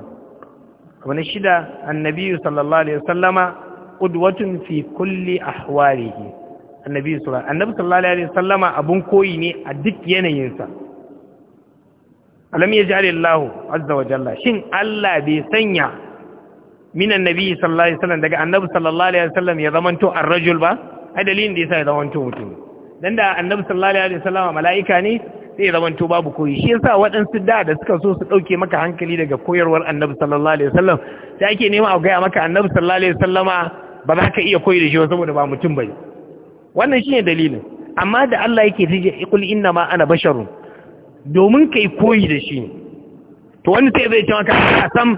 kuma na shida annabi sallallahu alaihi wasallama qudwatun fi kulli ahwalihi annabi sallallahu alaihi wasallama abun koyi ne a duk yanayinsa alam yaj'al azza wa jalla shin Allah bai sanya min annabi sallallahu alaihi wasallam daga annabi sallallahu alaihi wasallam ya zamanto ar-rajul ba ai dalilin da yasa ya zamanto mutum dan da annabi sallallahu alaihi wasallama mala'ika ne sai ya zamanto babu koyi shi yasa waɗansu da da suka so su ɗauke maka hankali daga koyarwar annabi sallallahu alaihi wasallam sai ake nema a gaya maka annabi sallallahu alaihi wasallama ba za ka iya koyi da shi saboda ba mutum bane wannan shine dalilin amma da Allah yake tije ikul inna ma ana basharun domin kai koyi da shi to wani sai zai ce maka a sam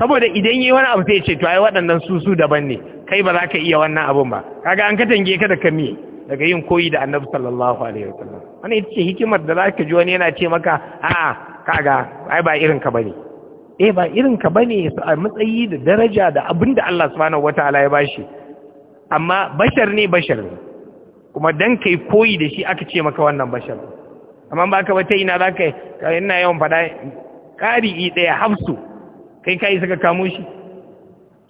saboda idan yayi wani abu sai ya ce to ai waɗannan su su daban ne kai ba za ka iya wannan abun ba kaga an ka tange ka da kami daga yin koyi da Annabi sallallahu alaihi wasallam wannan ita ce hikimar da za ka ji wani yana ce maka a'a kaga ai ba irin ka bane eh ba irin ka bane a matsayi da daraja da abinda Allah subhanahu wataala ya bashi amma bashar ne bashar ne kuma dan kai koyi da shi aka ce maka wannan bashar amma ba ka wata ina za ka ina yawan faɗa i ɗaya hafsu kai kai suka kamo shi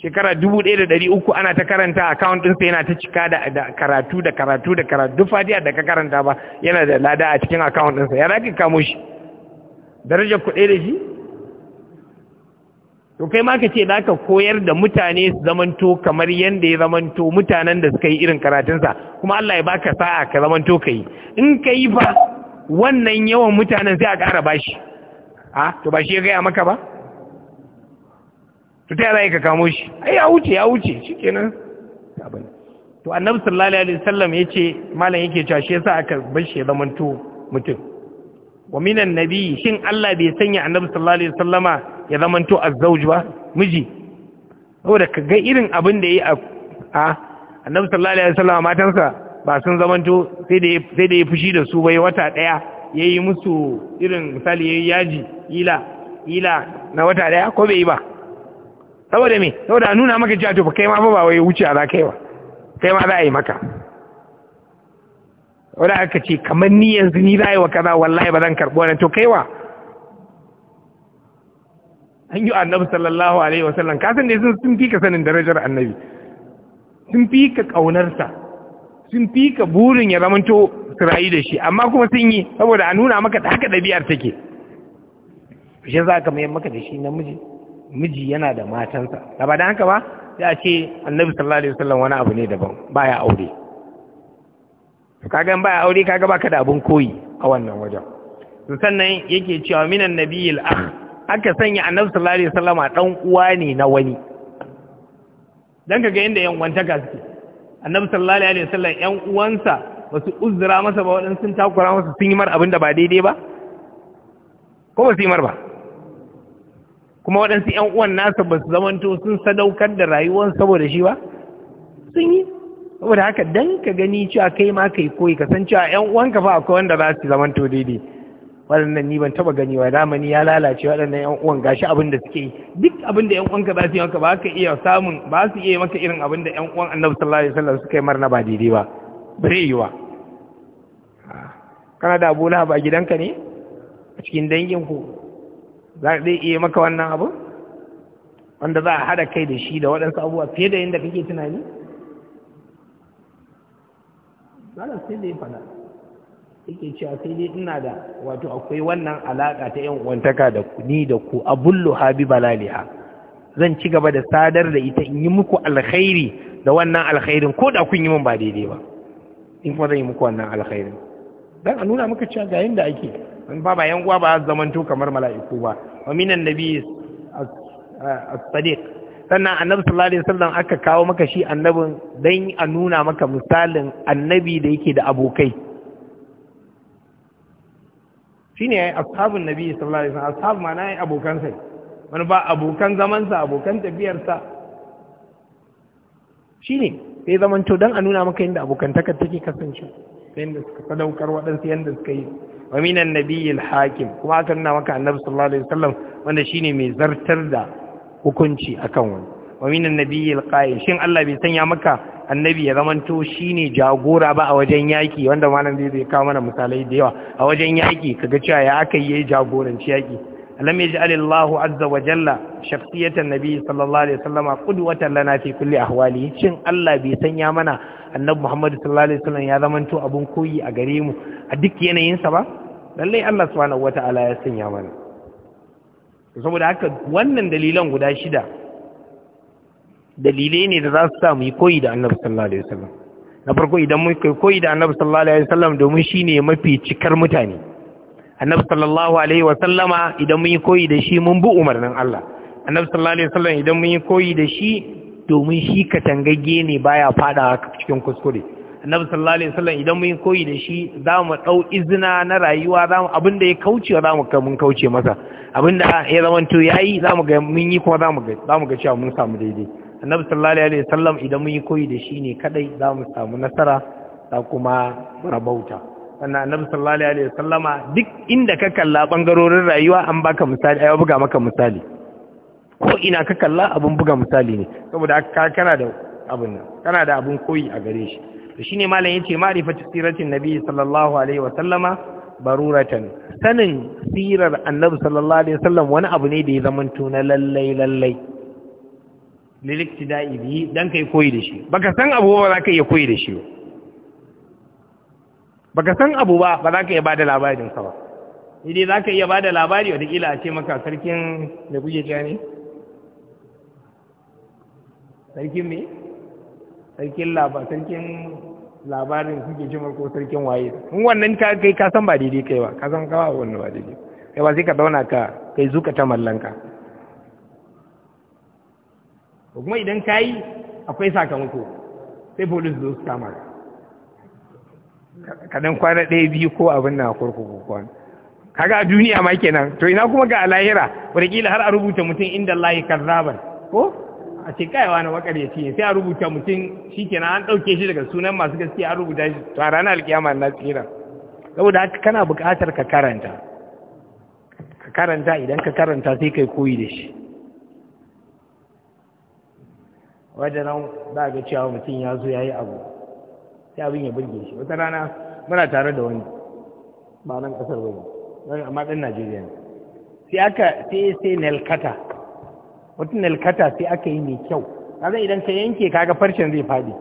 shekara dubu ɗaya da ɗari uku ana ta karanta akawun ɗinsa yana ta cika da karatu da karatu da karatu duk fadiya da ka karanta ba yana da lada a cikin akawun ɗinsa ya za ka kamo shi darajar ku da shi to kai ma ka ce za ka koyar da mutane su zamanto kamar yadda ya zamanto mutanen da suka yi irin karatunsa kuma Allah ya baka sa'a ka zamanto ka yi in ka yi fa wannan yawan mutanen sai a ƙara bashi a to ba shi ya gaya maka ba to ta yaya ka kamo shi ai ya wuce ya wuce shikenan to annabi sallallahu alaihi wasallam ce malam yake cewa shi yasa aka bar shi ya zamanto mutum wa minan nabi shin Allah bai sanya annabi sallallahu alaihi wasallama ya zamanto azzauj ba miji saboda ka ga irin abin da ya yi a annabi sallallahu alaihi wasallam matansa ba sun zamanto sai da sai da ya fushi da su bai wata daya yayi musu irin misali yayi yaji ila ila na wata daya ko bai yi ba saboda me saboda nuna maka cewa to kai ma fa ba wai wuce za kai ba kai ma za a yi maka wanda aka ce kamar ni yanzu ni za a yi wa kaza wallahi ba zan karɓi wani to kai wa. an yi annabi sallallahu alaihi wasallam ka san ne sun fi ka sanin darajar annabi sun fi ka kaunarsa sun fi ka burin ya zamanto su rayu da shi amma kuma sun yi saboda a nuna maka da haka ɗabi'ar take shi za ka mayar maka da shi namiji miji yana da matansa da ba da haka ba sai a ce annabi sallallahu alaihi wasallam wani abu ne daban baya aure kaga baya aure kaga baka da abun koyi a wannan wajen sannan yake cewa minan nabiyil akh aka sanya annabi sallallahu alaihi wasallama dan uwa ne na wani dan kaga inda yan wantaka suke annabi sallallahu alaihi wasallam yan uwansa ba su uzura masa ba wadansu sun takura masa sun yi mar abin da ba daidai ba ko ba su yi mar ba kuma waɗansu ‘yan uwan nasa ba su zamanto sun sadaukar da rayuwar saboda shi ba? sun yi saboda haka don ka gani cewa kai ma kai koyi kasancewa ‘yan uwanka fa akwai wanda za su zamanto daidai waɗannan ni ban taɓa gani wa zamani ya lalace waɗannan yan uwan gashi abin da suke yi duk abin da yan uwanka za su yi maka ba ka iya samun ba su iya maka irin abin da yan uwan annabi sallallahu alaihi wasallam suka yi marna ba daidai ba bare yiwa ah, kana da Abu Lahab a gidanka ne a cikin dangin ku za ka iya maka wannan abu wanda za a hada kai da shi da waɗansu abubuwa fiye da yadda kake tunani? Zara sai da yin faɗa. yake cewa sai dai ina da wato akwai wannan alaka ta yan uwantaka da ni da ku a habi balaliha zan ci gaba da sadar da ita in yi muku alkhairi da wannan alkhairin ko da kun yi min ba daidai ba in kuma zan yi muku wannan alkhairin dan a nuna muka cewa ga yanda ake in ba ba yan uwa ba to kamar mala'iku ba wa minan nabi as-sadiq sannan annabi sallallahu alaihi wasallam aka kawo maka shi annabin dan a nuna maka misalin annabi da yake da abokai shine yayi ashabun nabi sallallahu alaihi wasallam ashab ma na abokan sai wani ba abokan zaman sa abokan tafiyar sa shine sai zaman to dan a nuna maka yadda abokantakar take kasance yadda suka sadaukar waɗansu yadda suka yi wa minan nabiyil hakim kuma aka nuna maka annabi sallallahu alaihi wasallam wanda shine mai zartar da hukunci akan wani wa minan nabiyil shin Allah bai sanya maka annabi ya zamanto shine jagora ba a wajen yaki wanda malam zai zai kawo mana misalai da yawa a wajen yaki kaga cewa ya aka yi jagoranci yaki alam yaj'al Allahu azza wa jalla shakhsiyatan nabiy sallallahu alaihi wasallam qudwatan lana fi kulli ahwali shin Allah bai sanya mana annabi Muhammad sallallahu alaihi wasallam ya zamanto abun koyi a gare mu a duk yanayinsa ba lallai Allah subhanahu wataala ya sanya mana saboda haka wannan dalilan guda shida dalilai ne da za su sa mu yi koyi da annabi sallallahu alaihi wasallam na farko idan mun kai koyi da annabi sallallahu alaihi wasallam domin shine mafi cikar mutane annabi sallallahu alaihi wasallama idan mun yi koyi da shi mun bi umarnin Allah annabi sallallahu alaihi wasallam idan mun yi koyi da shi domin shi katangagge ne baya fada cikin kuskure annabi sallallahu alaihi wasallam idan mun yi koyi da shi za mu dau izina na rayuwa za mu abin da ya kauce za mu mun kauce masa abinda ya zamanto yayi za mu ga mun yi kuma za mu ga za mu ga cewa mun samu daidai annabi sallallahu alaihi wasallam idan mun yi koyi da shi ne kadai za mu samu nasara da kuma rabauta sannan annabi sallallahu alaihi wasallama duk inda ka kalla bangarorin rayuwa an baka misali ai buga maka misali ko ina ka kalla abun buga misali ne saboda ka kana da abun nan kana da abun koyi a gare shi to shine malam yace ma'rifatu siratin nabi sallallahu alaihi wasallama baruratan sanin sirar annabi sallallahu alaihi wasallam wani abu ne da ya zamanto tuna lallai lallai liliktida'i bihi dan kai koyi da shi baka san abu ba za ka iya koyi da shi baka san abu ba ba za ka iya bada labarin sa ba idai za ka iya bada labari wata kila a ce maka sarkin da kuke cewa ne sarkin me sarkin labarin sarkin labarin kuke jima ko sarkin waye in wannan ka kai ka san ba daidai kai ba ka san ba wannan ba daidai kai ba sai ka zauna ka kai zuka ta mallanka ko kuma idan ka yi akwai sakamako sai polis zo su kama ka kwana ɗaya biyu ko abin na kurkuku kwana kaga a duniya ma kenan to ina kuma ga alahira wataƙila har a rubuta mutum inda Allah kazzaban ko a ce kayawa na ya ne sai a rubuta mutum shi kenan an ɗauke shi daga sunan masu gaskiya a rubuta shi to a ranar alkiyama na tsira saboda haka kana buƙatar ka karanta ka karanta idan ka karanta sai kai koyi da shi wajen nan za ga cewa mutum ya zo ya yi abu sai abin ya burge shi wata rana muna tare da wani ba nan kasar ba ne amma ɗan najeriya ne sai aka sai sai nalkata wata nalkata sai aka yi mai kyau kaga idan ka yanke kaga farcen zai faɗi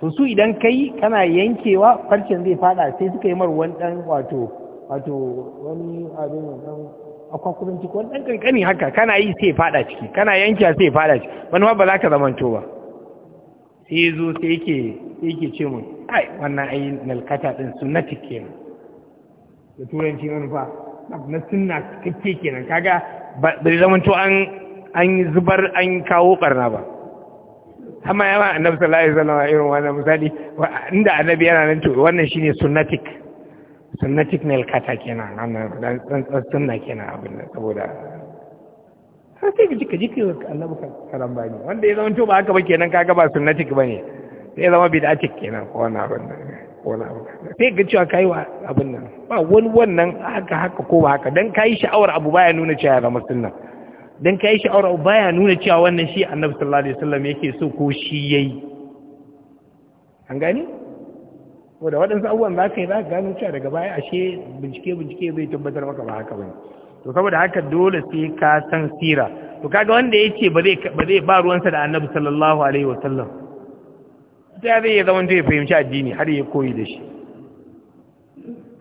to su idan ka yi kana yankewa farcen zai faɗa sai suka yi mar wani ɗan wato wato wani abin akwai kudin ciki wani ɗan ƙanƙani haka kana yi sai fada ciki kana yankiya sai fada ciki wani ba za ka zamanto ba sai zo sai yake yake ce mu ai wannan ayi nalkata din sunnati kenan da turanci wani fa na sunna kake kenan kaga bai zamanto an an zubar an kawo barna ba amma yawa annabi sallallahu alaihi wasallam irin wannan misali inda annabi yana nan to wannan shine sunnatik sunnatic nail kata kenan nan dan tsantsan sunna kenan abin nan saboda har sai jika jika Allah baka wanda ya zama to ba haka ba kenan kaga ba sunnatic bane sai ya zama bid'atic kenan ko wani abin nan ko wani abin sai ga cewa kai wa abin nan ba wani wannan haka haka ko ba haka dan kai sha'awar abu baya nuna cewa ya zama sunna dan kai sha'awar abu baya nuna cewa wannan shi Annabi sallallahu alaihi wasallam yake so ko shi yayi an gani ko da waɗansu abubuwan za ka yi za ka gano cewa daga baya ashe bincike bincike zai tabbatar maka ba haka bane to saboda haka dole sai ka san sira to kaga wanda yace ba zai ba zai ba ruwansa da Annabi sallallahu alaihi wa sallam. da zai ya zama ya fahimci addini har ya koyi da shi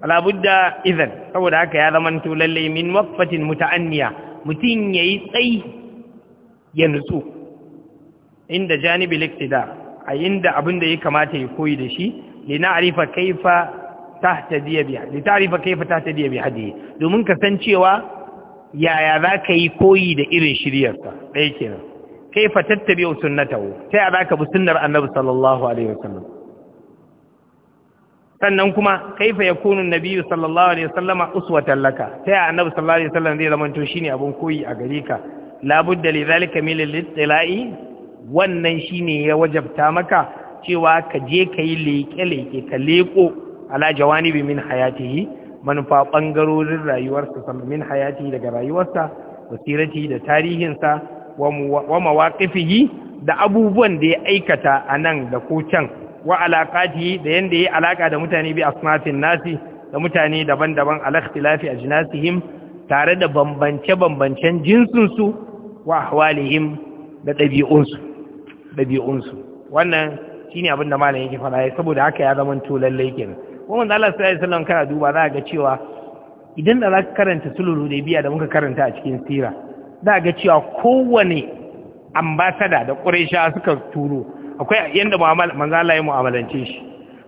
alabudda idan saboda haka ya zama to lalle min waqfatin muta'anniya mutum yayi tsayi ya nutsu inda janibi liktida a inda abin da ya kamata ya koyi da shi lina'rifa kaifa tahtadiya bi lita'rifa kaifa tahtadiya bi hadi domin ka san cewa yaya za ka yi koyi da irin shiriyarsa? ɗaya kenan kaifa tattabi'u sunnatahu ta yaya za ka bi sunnar annabi sallallahu alaihi wasallam sannan kuma kaifa yakunu nabiyyu sallallahu alaihi wasallama uswatan laka ta yaya annabi sallallahu alaihi wasallam zai zamanto shine abun koyi a gare ka labudda lidhalika min al-ittila'i wannan shine ya wajabta maka cewa ka je ka yi leƙe-leƙe ka leƙo ala bi min yi, manufa ɓangarorin rayuwarsa sama min hayati daga rayuwarsa basirati da tarihinsa wa yi da abubuwan da ya aikata a nan da ko can wa yi da yadda ya yi alaƙa da mutane bi asmafin nasi da mutane daban-daban alaƙtilafi a jinasihim tare da bambance-bambancen jinsinsu wa ahwalihim da ɗabi'unsu wannan ne abin da malam yake fara saboda haka ya zama to lalle kenan kuma manzo Allah sai ya wasallam kana duba za ga cewa idan da za ka karanta da biya da muka karanta a cikin sira za ga cewa kowane ambasada da quraisha suka turo akwai yanda manzo Allah ya mu'amalance shi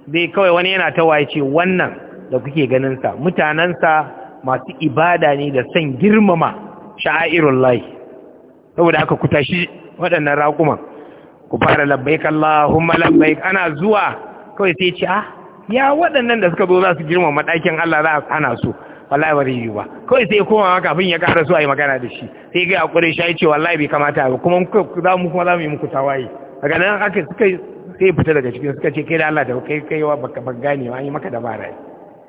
dai kawai wani yana ta waye ce wannan da kuke ganin sa sa masu ibada ne da san girmama sha'airul saboda aka kutashi waɗannan raƙuman ku fara labbaik Allahumma labbaik ana zuwa kawai sai ce ah ya waɗannan da suka zo za su girma madakin Allah za a hana su wallahi ba yi ba kawai sai koma ma kafin ya ƙara su a yi magana da shi sai ga akure shi ce wallahi bai kamata ba kuma za mu kuma za mu yi muku tawaye daga nan aka suka sai fita daga cikin suka ce kai da Allah da kai kai wa baka baka gane an yi maka dabara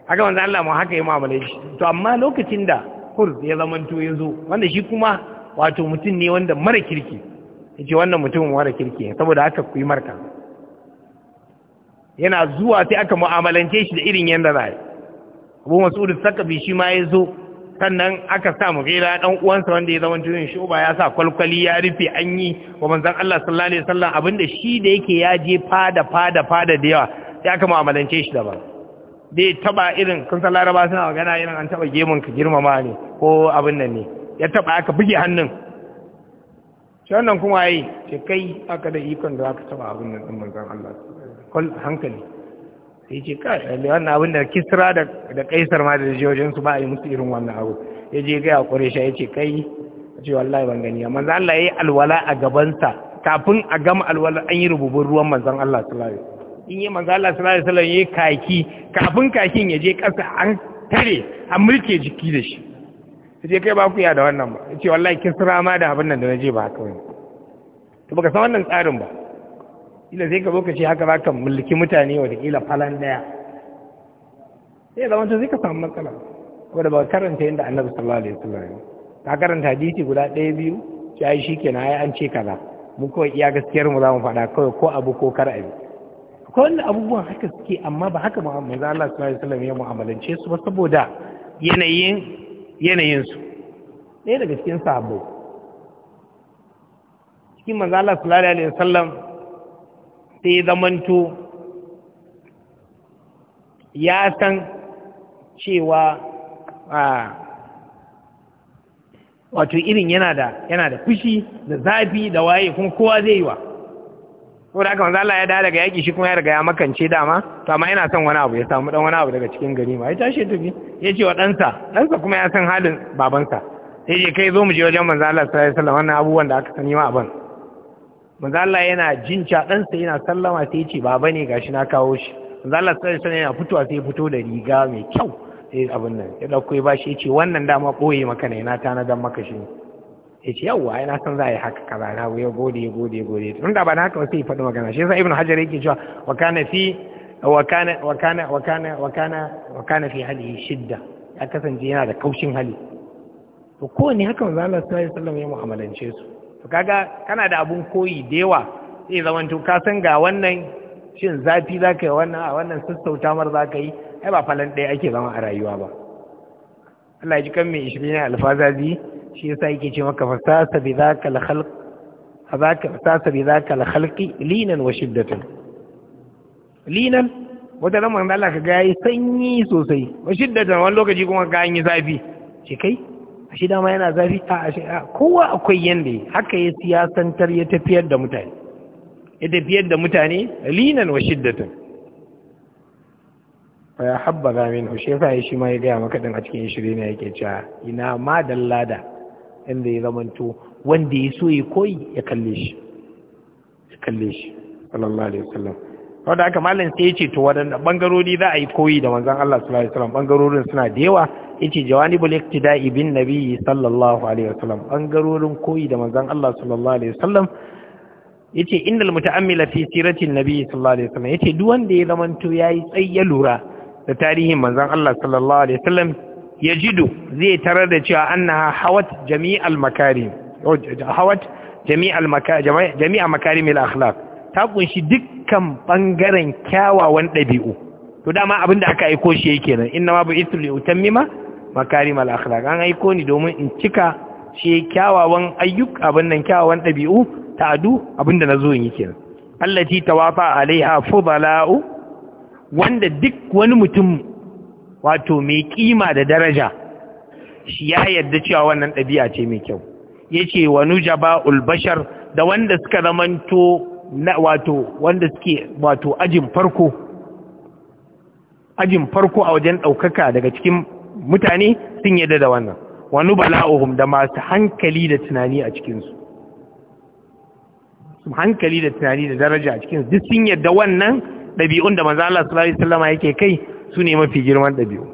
haka manzo Allah mu haka ya mu'amala shi to amma lokacin da hur ya zamanto ya zo wanda shi kuma wato mutum ne wanda mara kirki yace wannan mutumin wara kirki saboda aka kuyi marka yana zuwa sai aka mu'amalance shi da irin yanda zai a abu mas'ud sakabi shi ma ya zo sannan aka sa mu gaira dan uwansa wanda ya zama shi uba ya sa kwalkwali ya rufe anyi yi wa manzon Allah sallallahu alaihi wasallam abinda shi da yake ya je fada fada fada da yawa sai aka mu'amalance shi daban dai taba irin kun san laraba suna magana irin an taba gemun ka girmama ne ko abin nan ne ya taba aka buge hannun wannan kuma yi ce kai aka da ikon da aka taba abin nan manzan Allah kwal hankali sai ce kai wannan abin da Kisra da Kaisar ma da jojin ba ba yi musu irin wannan abu ya je gaya yaje shi ya ce kai ce wallahi ban gani amma za Allah yi alwala a gabansa kafin a gama alwala an yi rububin ruwan manzan Allah sallallahu alaihi wasallam in yi manzon Allah sallallahu alaihi wasallam yayi kaki kafin kakin ya je kasa an tare an mulke jiki da shi sai kai ba ku ya da wannan ba ce wallahi sura ma da abin nan da na je ba haka wani to baka san wannan tsarin ba ila sai ka zo ka ce haka za ka mulki mutane wataƙila falan daya sai da wancan zai ka samu matsala da ba karanta yadda annabi sallallahu alaihi wasallam ka karanta hadisi guda ɗaya biyu ki ai kenan ai an ce kaza mu ko iya gaskiyar mu za mu faɗa kawai ko abu ko kar abi akwai wannan abubuwan haka suke amma ba haka manzo Allah sallallahu alaihi wasallam ya mu'amalance su ba saboda yanayin Yanayin su, ɗaya daga cikin sabo cikin manzala sallallahu da sallam sai ya zamanto ya san cewa a wato irin yana da yana da fushi da zafi da waye kuma kowa zai yi wa ko da aka manzo Allah ya dawo daga yaki shi kuma ya riga ya makance dama to amma yana son wani abu ya samu dan wani abu daga cikin gari ma ya tashi tafi ya ce wa ɗansa ɗansa kuma ya san halin babansa sai ya kai zo mu je wajen manzo Allah sallallahu alaihi wasallam wannan abubuwan da aka sani ma aban manzo Allah yana jinca ɗansa yana sallama sai ya ce baba ne gashi na kawo shi manzo Allah sallallahu alaihi wasallam yana fitowa sai ya fito da riga mai kyau sai abin nan ya dauko ya bashi ya ce wannan dama koyi maka ne na tanadan maka shi ne ya ce yawwa yana san za a yi haka kaza na ya gode gode gode tun da ba na haka wasu yi faɗi magana shi yasa ibn hajar yake cewa wa kana fi wa kana wa kana wa kana wa kana wa kana fi hali shidda ya kasance yana da kaushin hali to ne haka manzo Allah sallallahu alaihi wasallam ya mu'amalance su to kaga kana da abun koyi da yawa sai zaman to ka san ga wannan shin zafi zaka yi wannan a wannan sassauta mar zaka yi ai ba falan ɗaya ake zama a rayuwa ba Allah ya ji kan mai ishbina alfazazi shi yasa yake ce maka fasasa bi zaka la khalq hazaka fasasa bi zaka la khalqi linan wa shiddatan linan wata ran manzo Allah ga yayi sanyi sosai wa shiddatan wani lokaci kuma ga an yi zafi shi kai shi dama yana zafi a shi kowa akwai yanda haka ya siyasantar ya tafiyar da mutane ya tafiyar da mutane linan wa shiddatan ya habba min shi yasa shi ma ya gaya maka din a cikin shirye ne yake cewa ina ma dallada inda ya zamanto wanda ya so ya koyi ya kalle shi ya kalle shi sallallahu alaihi wasallam wanda aka malam sai yace to wadanda bangarori za a yi koyi da manzon Allah sallallahu alaihi wasallam bangarorin suna da yawa yace jawanibul iktida'i bin nabiyyi sallallahu alaihi wasallam bangarorin koyi da manzon Allah sallallahu alaihi wasallam yace innal muta'ammila fi siratin nabiyyi sallallahu alaihi wasallam yace duk wanda ya zamanto yayi tsaye lura da tarihin manzon Allah sallallahu alaihi wasallam yajidu zai tarar da cewa annaha hawat jami'al makarim hawat jami'al makarim jami'a makarimil akhlaq ta kunshi dukkan bangaren kyawawan dabi'u to dama abinda aka aiko shi yake nan inna ma bu'ithu li utammima makarimal akhlaq an aiko ni domin in cika shi kyawawan ayyuk abin nan kyawawan dabi'u ta adu abinda nazo in yi kenan allati tawafa alaiha fudala'u wanda duk wani mutum wato mai kima da daraja shi ya yarda cewa wannan ɗabi'a ce mai kyau Ya ce wa nujaba ulbashar da wanda suka zamanto na wato wanda suke wato ajin farko ajin farko a wajen ɗaukaka daga cikin mutane sun yarda da wannan wani bala'uhum da masu hankali da tunani a cikinsu hankali da tunani da daraja a cikinsu duk sun yarda wannan ɗabi'un da manzo Allah sallallahu alaihi wasallam yake kai su ne mafi girman ɗabi'u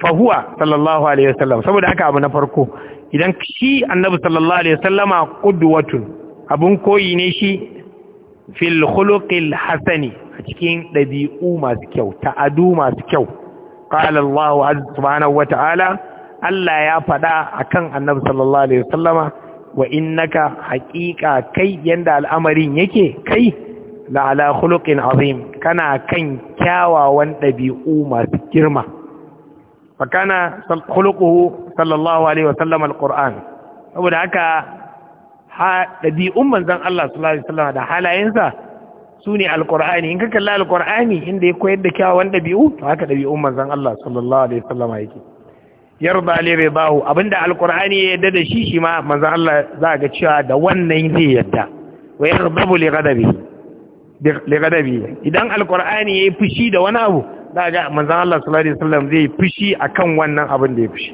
fahuwa sallallahu alaihi wasallam saboda haka abu na farko idan shi annabi sallallahu alaihi wasallama qudwatun abun koyi ne shi fil khuluqil hasani a cikin ɗabi'u masu kyau ta'adu masu kyau qala Allah subhanahu wata'ala Allah ya faɗa akan annabi sallallahu alaihi wasallama wa innaka haƙiƙa kai yanda al'amarin yake kai la ala khuluqin azim kana kan kyawawan dabi'u masu girma fa kana khuluquhu sallallahu alaihi wa sallam alquran saboda haka ha dabi'un manzon Allah sallallahu alaihi wa sallam da halayensa sune alqur'ani in ka kalla alqur'ani inda ya koyar da kyawawan dabi'u to haka dabi'un manzon Allah sallallahu alaihi wa sallam yake yarda li ridahu abinda alqur'ani ya yarda da shi shi ma manzon Allah za ga cewa da wannan zai yarda wa yardabu li ghadabihi Daga dabi idan alkur'ani ya yi fushi da wani abu za ga manzan Allah sallallahu alaihi wasallam zai fushi akan wannan abin da ya fushi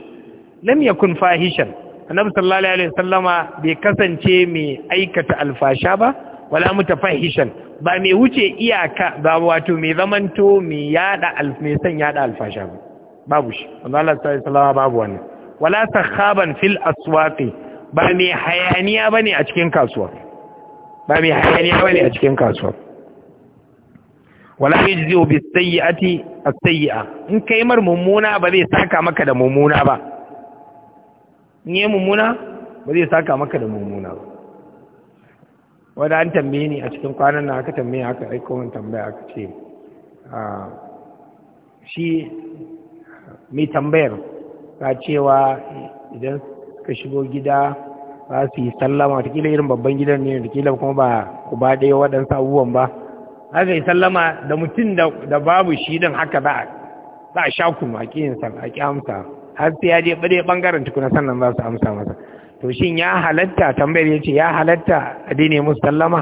lam yakun fahishan annabi sallallahu alaihi wasallama bai kasance mai aikata alfasha ba wala mutafahishan ba mai wuce iyaka ba wato mai zamanto mai yada mai san yada alfasha ba babu shi manzan Allah sallallahu alaihi wasallama babu wannan wala sakhaban fil aswaqi ba mai hayaniya bane a cikin kasuwa ba mai hayaniya bane a cikin kasuwa wala yajzi'u bis-sayyi'ati as-sayyi'a in kai mar mummuna ba zai saka maka da mummuna ba in yi mummuna ba zai saka maka da mummuna ba wanda an tambaye ni a cikin kwanan nan aka tambaye aka aika wani tambaya aka ce ah, shi mai tambayar ta cewa idan ka shigo gida za su yi sallama watakila irin babban gidan ne watakila kuma ba ku ba ɗaya waɗansu abubuwan ba haka yi sallama da mutum da babu shi don haka ba a sha kuma a ƙi a ƙi amsa har sai ya je ɓangaren tukuna sannan za su amsa masa to shi ya halatta tambayar ya ce ya halatta a dine musu sallama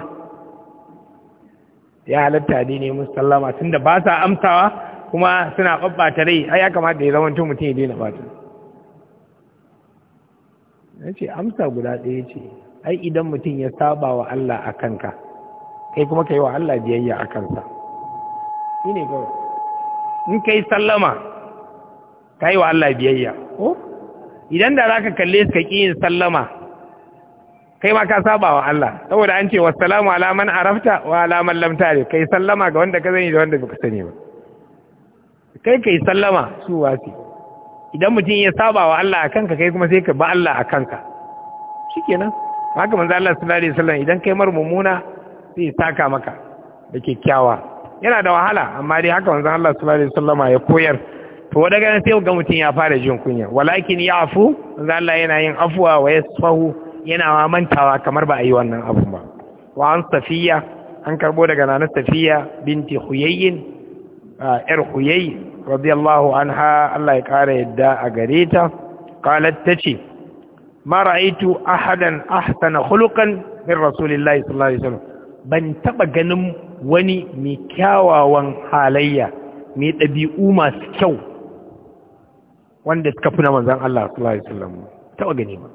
ya halatta a dine musu sallama tun da ba sa amsawa kuma suna ɓaɓɓata rai ai ya kamata ya zama tun mutum ya daina batu ya ce amsa guda ɗaya ce ai idan mutum ya saba wa Allah a kanka kai kuma ka yi wa Allah biyayya a kansa shi ne kawai in ka yi sallama ka yi wa Allah biyayya ko idan da za ka kalle su ka ƙi yin sallama kai ma ka saba wa Allah saboda an ce wassalamu ala man arafta wa ala man lam tare kai sallama ga wanda ka zani da wanda baka sani ba kai kai sallama su wasi idan mutum ya saba wa Allah a kanka kai kuma sai ka ba Allah a kanka shikenan haka manzo Allah sallallahu alaihi wasallam idan kai mar mummuna sai saka maka da kyakkyawa yana da wahala amma dai haka wanzan Allah sallallahu alaihi wasallam ya koyar to wanda ganin sai ga mutum ya fara jin kunya walakin ya afu wanzan Allah yana yin afuwa wa yasfahu yana mantawa kamar ba a yi wannan abun ba wa an safiya an karbo daga nanar safiya binti huyayyin yar huyayyi radiyallahu anha Allah ya kara yadda a gare ta qalat tace ma ra'aitu ahadan ahsana khuluqan min rasulillahi sallallahu alaihi wasallam ban taɓa ganin wani mai kyawawan halayya mai ɗabi'u masu kyau wanda suka fi na manzan Allah sallallahu Alaihi wasallam taɓa gani ba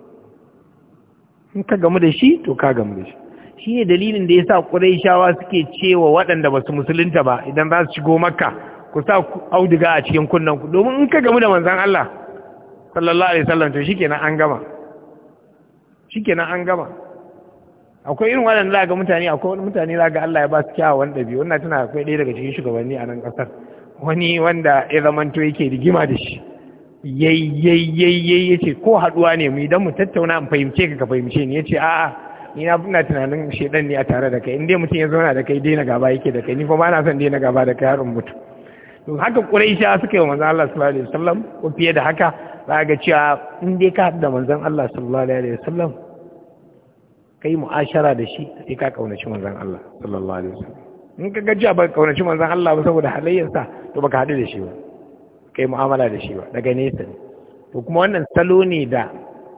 in ka gamu da shi to ka gamu da shi shi ne dalilin da ya sa ƙuraishawa suke cewa waɗanda ba su musulunta ba idan za su shigo maka ku sa auduga a cikin kunnen ku domin in ka gamu da manzan Allah sallallahu alaihi wasallam to shi an gama shikenan an gama akwai irin waɗanda za ga mutane akwai wani mutane za ga Allah ya ba su kyawawan ɗabi'u wannan tana akwai ɗaya daga cikin shugabanni a nan ƙasar wani wanda ya zamanto yake rigima da shi yayyayyayi ya ce ko haɗuwa ne mu idan mu tattauna mu fahimce ka ka fahimce ni ya ce a'a ni na ina tunanin shaidan ne a tare da kai in dai mutum ya zauna da kai daina gaba yake da kai ni ko ba na son daina gaba da kai harin in mutu to haka quraisha suka yi manzon Allah sallallahu alaihi wasallam ko fiye da haka za ga cewa in dai ka haɗu da manzon Allah sallallahu alaihi wasallam kai mu'ashara da shi sai ka kaunaci manzon Allah sallallahu alaihi wasallam in ka gaji ba kaunaci manzon Allah ba saboda halayyarsa to baka haɗu da shi ba kai mu'amala da shi ba daga nesa ne to kuma wannan salo ne da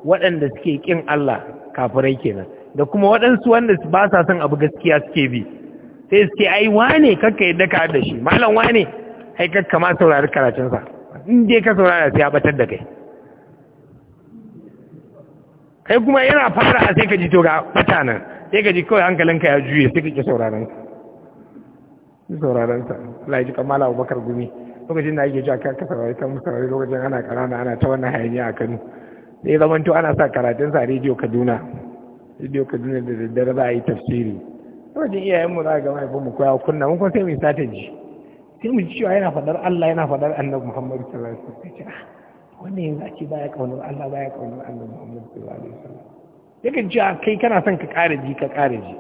waɗanda suke kin Allah kafirai kenan da kuma waɗansu wanda ba sa son abu gaskiya suke bi sai suke ai wane kakka yadda ka da shi malam wane ai kakka ma saurari karatunsa in dai ka saurara sai ya batar da kai kai kuma yana fara sai ka ji to ga nan sai ka ji kawai hankalinka ya juye sai ka ki sauraron ka sauraron sa Allah ji kamala bakar gumi lokacin da ake ji aka ka saurari kan musarari lokacin ana karana ana ta wannan hayaniya a Kano sai zaman to ana sa karatun sa rediyo Kaduna rediyo Kaduna da daddare za a yi tafsiri lokacin iyayenmu za a ga mai ko ya kunna mun kuma sai mu sata ji sai mu ji cewa yana fadar Allah yana fadar Annabi muhammadu sallallahu alaihi wasallam wannan yanzu ake baya kaunar Allah baya kaunar Allah Muhammad sallallahu alaihi wasallam yakan ce ah, kai kana son ka ƙara ji ka ƙara ji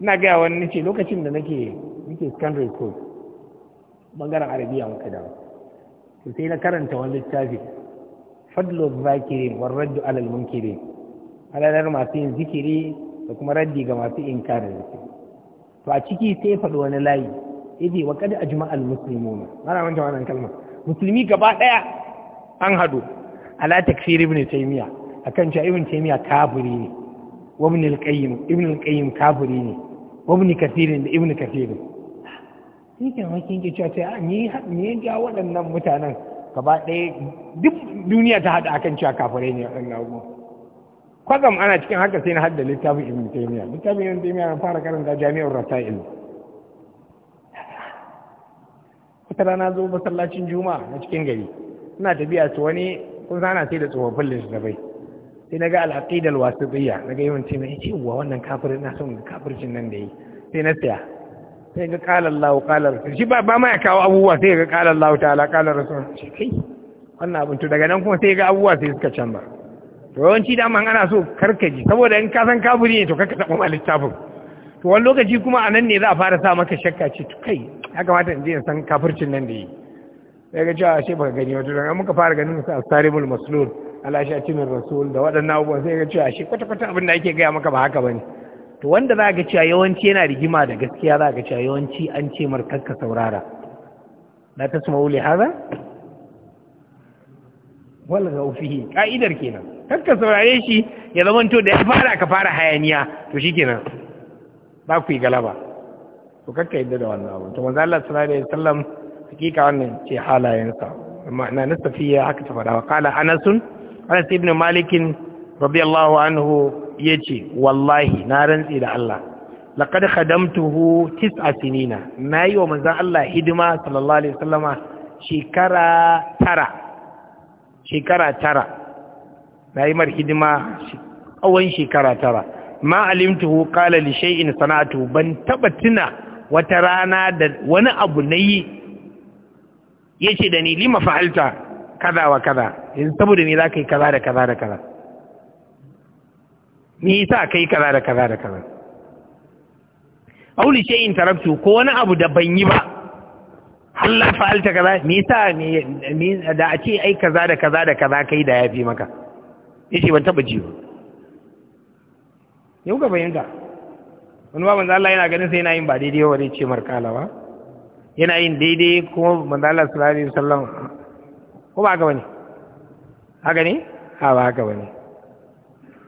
ina ga wani nace lokacin da nake nake secondary school bangaren arabiya muka dawo to sai na karanta wani littafi fadlu zakirin war raddu alal munkirin alalar masu yin zikiri da kuma raddi ga masu inkarin zikiri to a ciki sai faɗi wani layi idi wa kad ajma'al muslimuna mara manta wannan kalma musulmi gaba daya an hadu ala takfir ibn taymiya akan cewa ibn taymiya kafiri ne wa ibn al-qayyim ibn al-qayyim kafiri ne wa ibn kathir da ibn kathir shi ke makin ke cewa ah, ni ni ga waɗannan mutanen gaba ɗaya duk duniya ta hada akan cewa kafirai ne waɗannan abubuwan kwazam ana cikin haka sai na hadda littafin ibn taymiya littafin ibn taymiya na fara karanta jami'ar rasail wata rana zo masallacin juma'a na cikin gari ina tafiya su wani kun sana sai da tsofaffin littattafai sai na ga wasu wasitiyya na ga yawanci na ce wa wannan kafirin na son kafircin nan da yi sai na tsaya sai ga kalar lawo kalar rasul shi ba ma ya kawo abubuwa sai ga kalar lawo ta qala rasul shi kai wannan abin to daga nan kuma sai ga abubuwa sai suka canza to yawanci da ana so karkaji saboda in ka san kafiri ne to kaka taɓa ma littafin to wani lokaci kuma a nan ne za a fara sa maka shakka ce to kai ya kamata in je in san kafircin nan da yi sai ga cewa ashe baka gani wato dan muka fara ganin sa astaribul maslul ala shatimin rasul da waɗannan abubuwan sai ga cewa ashe kwata kwata abin da ake gaya maka ba haka bane to wanda za ga cewa yawanci yana rigima da gaskiya za ga cewa yawanci an ce mar ka saurara la tasma'u li hadha wal ufihi?' ka'idar kenan ka saurare shi ya zamanto da ya fara ka fara hayaniya to shikenan ba ku yi galaba to kakka yadda da wannan abu to manzo Allah sallallahu alaihi wasallam hakika wannan ce halayensa ma'ana na safiya haka ta faɗa kala anasun anas ibn malikin radiyallahu anhu yace wallahi na rantsi da Allah laqad khadamtuhu tis'a sinina nayi wa manzon Allah hidima sallallahu alaihi wasallama shekara tara shekara tara nayi mar hidima tsawon shekara tara ma alimtuhu qala li shay'in sana'atu ban taba tuna wata rana da wani abu nayi ya ce da ni lima fa'alta kaza wa kaza yanzu saboda me za ka yi kaza da kaza da kaza me sa ka yi kaza da kaza da kaza auli shay'in taraktu ko wani abu da ban yi ba Allah fa'alta kaza me yi sa da a ce ai kaza da kaza da kaza kai da ya fi maka yace ban taɓa ji ba yau ga fahimta wani baban Allah yana ganin sai yana yin ba daidai wa ce markala ba yana yin daidai kuma manzala salari alaihi ko ba haka wani haka ne ha ba haka wani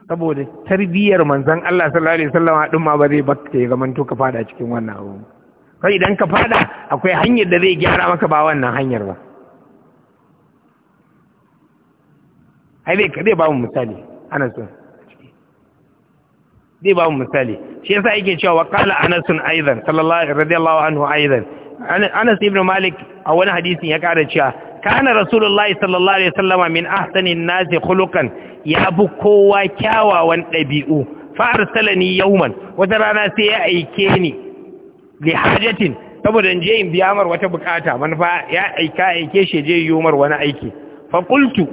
saboda tarbiyyar manzan Allah sallallahu alaihi wasallam din ma ba zai bakke ya zaman to ka fada cikin wannan abu kai idan ka fada akwai hanyar da zai gyara maka ba wannan hanyar ba ai dai zai ba mu misali Anas zai ba mu misali shi yasa yake cewa wa qala Anas aidan sallallahu radiyallahu anhu aidan Anas ibn Malik a wani hadisin ya kara cewa kana Rasulullahi sallallahu alaihi wasallama min ahsanin nasi khuluqan ya bu kowa kyawawan dabi'u fa arsalani yawman wata rana sai ya aike ni li hajatin saboda je in biya mar wata bukata manfa ya aika aike shi je yi wani aiki fa qultu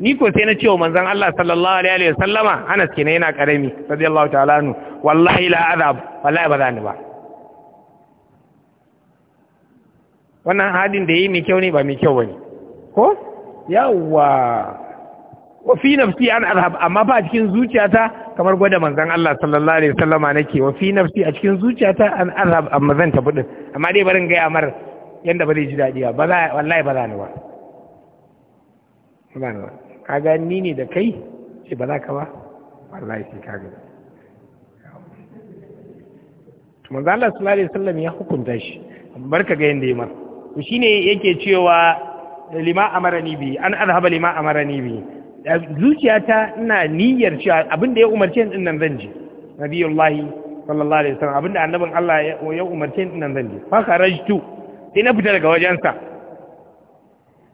ni ko sai na ce wa manzon Allah sallallahu alaihi wasallama Anas kenan yana karami radiyallahu ta'ala anhu wallahi la azab wallahi ba ni ba wannan hadin da yi mai kyau ne ba mai kyau wani ko yawwa Wafi fi nafsi an arhab amma ba cikin zuciyata kamar gwada manzan Allah sallallahu alaihi wasallama nake wa fi nafsi a cikin zuciyata an arhab amma zan tafi din amma dai barin gaya mar yanda ba zai ji daɗi ba wallahi ba za ni ba ba ni ba ni ne da kai ce ba za ka ba wallahi sai ka to manzon Allah sallallahu alaihi wasallam ya hukunta shi barka ga yanda ya masa shi shine yake cewa lima amarani bi an azhaba lima amarani bi zuciyata ina niyyar cewa abin da ya umarce ni dinnan zan je nabiyullahi sallallahu alaihi wasallam abin da annabin Allah ya umarce ni dinnan zan je fa kharajtu sai na fita daga wajensa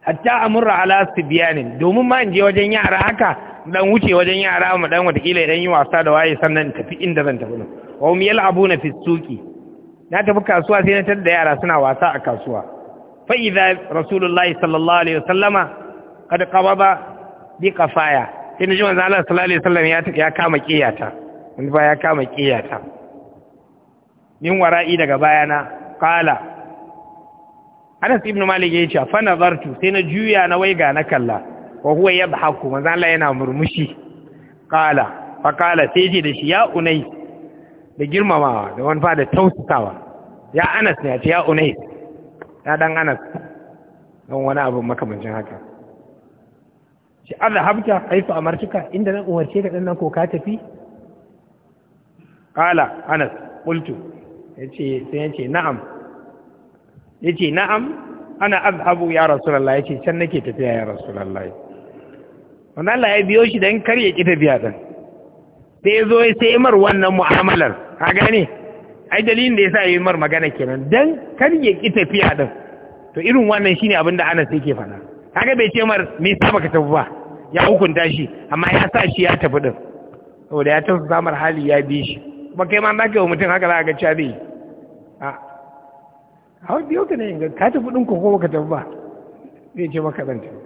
hatta amurra ala sibyanin domin ma in je wajen yara haka dan wuce wajen yara mu dan watakila dan yi wasa da waye sannan tafi inda zan tafi wa hum yal'abuna fi suqi na tafi kasuwa sai na tada yara suna wasa a kasuwa Fa'iza idza rasulullahi sallallahu alaihi wasallama kad ba bi qafaya sai ji wanzu Allah sallallahu alaihi wasallam ya ya kama kiyata wanda ba ya kama kiyata min wara'i daga bayana qala Anas ibn Malik ya ce fa nazartu sai na juya na waiga na kalla wa huwa yadhaku wanzu Allah yana murmushi qala fa kala sai ji da shi ya unai da girmamawa da wani fa da tausasawa ya Anas ne ya ce ya unai ya dan anas don wani abu makamancin haka shi da habta haifu a martuka inda na umarce ka ɗan ko ka tafi ƙala anas ƙultu ya ce sai ya ce na'am ya ce na'am ana azhabu ya rasulallah ya ce can nake tafiya ya rasulallah wannan Allah ya biyo shi don kar ya ƙi tafiya ɗan sai ya zo ya sai mar wannan mu'amalar ka gane ai dalilin da yasa yi mar magana kenan dan kar ya ki tafiya din to irin wannan shine abin da Anas yake faɗa kaga bai ce mar me yasa baka tafi ba ya hukunta shi amma ya sa shi ya tafi din saboda ya tausa samar hali ya bi shi kuma kai ma zaka yi mutum haka za ka cewa zai a hau biyo ka ne ka tafi din ko ka tafi ba zai ce maka zan tafi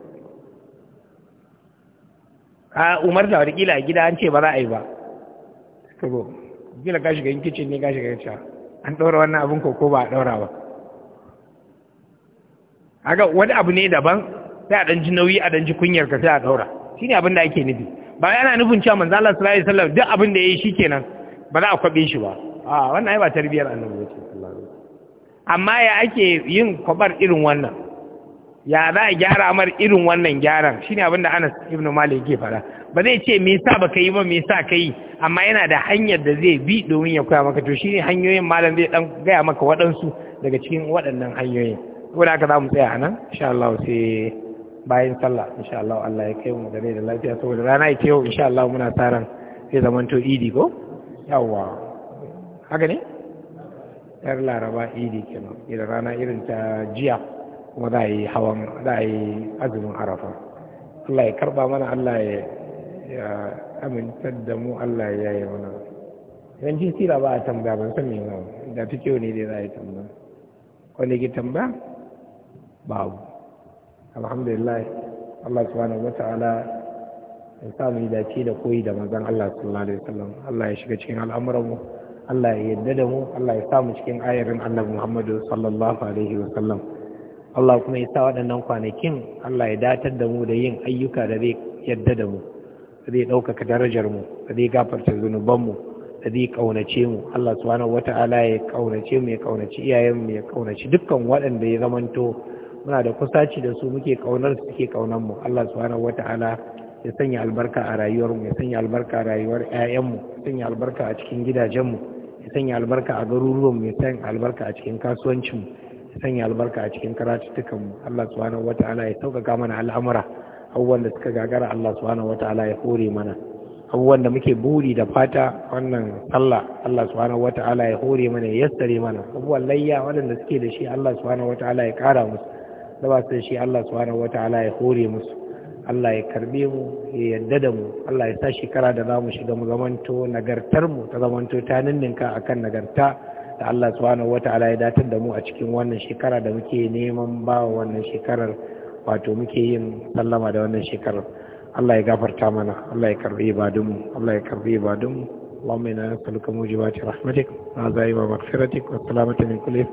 a umar da wata a gida an ce ba za a yi ba kila ka shiga kicin ne ka shiga cewa an ɗaura wannan abin ko ko ba a ɗaura ba haka wani abu ne daban sai a ɗan ji nauyi a ɗan ji kunyar ka sai a ɗaura shi ne abin da ake nufi ba yana nufin cewa manzo Allah sallallahu alaihi wasallam duk abin da ya yi shi kenan ba za a kwaɓe shi ba a wannan ai ba tarbiyar annabi ce amma ya ake yin kwabar irin wannan ya za a gyara mar irin wannan gyaran shine abin da Anas ibn Malik ke fara ba zai ce me yasa baka yi ba me yasa ka yi amma yana da hanyar da zai bi domin ya koya maka to shine hanyoyin malam zai dan gaya maka waɗansu daga cikin waɗannan hanyoyin saboda haka za mu tsaya a nan insha Allah sai bayan sallah insha Allah Allah ya kai mu da da lafiya saboda rana ita yau insha Allah muna tsaron sai to idi ko yawa haka ne yar laraba idi kenan idan rana irin ta jiya kuma za a yi hawan za a yi azumin arafa Allah ya karba mana Allah ya ya amintar da mu Allah ya yi wani don ji sila ba a tambaya ban san ba, da fi kyau ne dai za a yi tambaya wanda ke tambaya babu alhamdulillah Allah subhanahu wa ta'ala ya samu dace da koyi da manzon Allah sallallahu alaihi wasallam Allah ya shiga cikin al'amuran mu Allah ya yadda da mu Allah ya samu cikin ayarin Annabi Muhammadu sallallahu alaihi wasallam Allah kuma ya sa waɗannan kwanakin Allah ya datar da mu da yin ayyuka da zai yadda da mu da zai ɗaukaka darajar mu da zai gafarta zunuban mu da zai kaunace mu Allah subhanahu wata'ala ya kaunace mu ya kaunaci iyayen mu ya kaunaci dukkan waɗanda ya zamanto muna da kusaci da su muke kaunar su suke kaunar mu Allah subhanahu wata'ala ya sanya albarka a rayuwar mu ya sanya albarka a rayuwar ƴaƴan mu ya sanya albarka a cikin gidajen mu ya sanya albarka a garuruwan mu ya sanya albarka a cikin kasuwancin mu ya sanya albarka a cikin karatuttukan mu Allah subhanahu wata'ala ya sauƙaƙa mana al'amura abubuwan da suka gagara Allah subhanahu wata'ala ya hore mana abubuwan da muke buri da fata wannan Allah Allah subhanahu wata'ala ya hore mana ya yassare mana abubuwan layya waɗanda suke da shi Allah subhanahu wata'ala ya ƙara musu da ba su shi Allah subhanahu wata'ala ya hore musu Allah ya karbe mu ya yadda da mu Allah ya sa shekara da za mu shiga mu zamanto nagartar mu ta zamanto ta ninninka akan nagarta da Allah subhanahu wata'ala ya datar da mu a cikin wannan shekara da muke neman ba wannan shekarar wato muke yin sallama da wannan shekarar Allah ya gafarta mana Allah ya karbi ibadunmu Allah ya karbi ibadunmu Allahumma inna nas'aluka mujibati rahmatik wa azaima maghfiratik wa salamata min kulli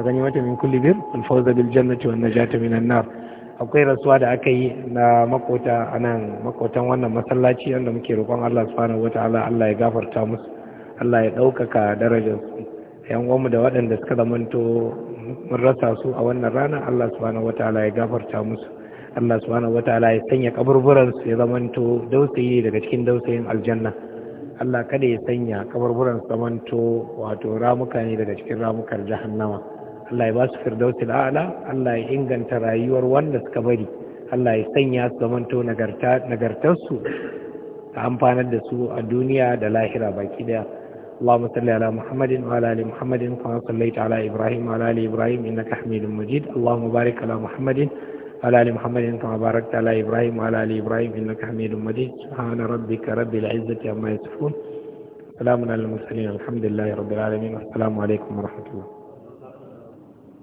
gani mata min kulli bir wal fawza bil jannati wan najata min an-nar akwai rasuwa da aka yi na makota anan makotan wannan masallaci wanda muke roƙon Allah subhanahu wataala Allah ya gafarta musu Allah ya ɗaukaka darajarsu yan uwanmu da waɗanda suka zamanto mun rasa su a wannan rana Allah subhanahu wataala ya gafarta musu Allah subhanahu wataala ya sanya kaburburan ya zamanto dausayi daga cikin dausayin aljanna Allah kada ya sanya kaburburan su zamanto wato ramuka ne daga cikin ramukar jahannama Allah ya basu su firdausil a'la Allah ya inganta rayuwar wanda suka bari Allah ya sanya su zamanto nagarta nagartar ta amfanar da su a duniya da lahira baki daya اللهم صل على محمد وعلى ال محمد كما صليت على ابراهيم وعلى ال ابراهيم انك حميد مجيد اللهم بارك على محمد وعلى ال محمد كما باركت على ابراهيم وعلى ال ابراهيم انك حميد مجيد سبحان ربك رب العزه عما يصفون سلام على المرسلين الحمد لله رب العالمين والسلام عليكم ورحمه الله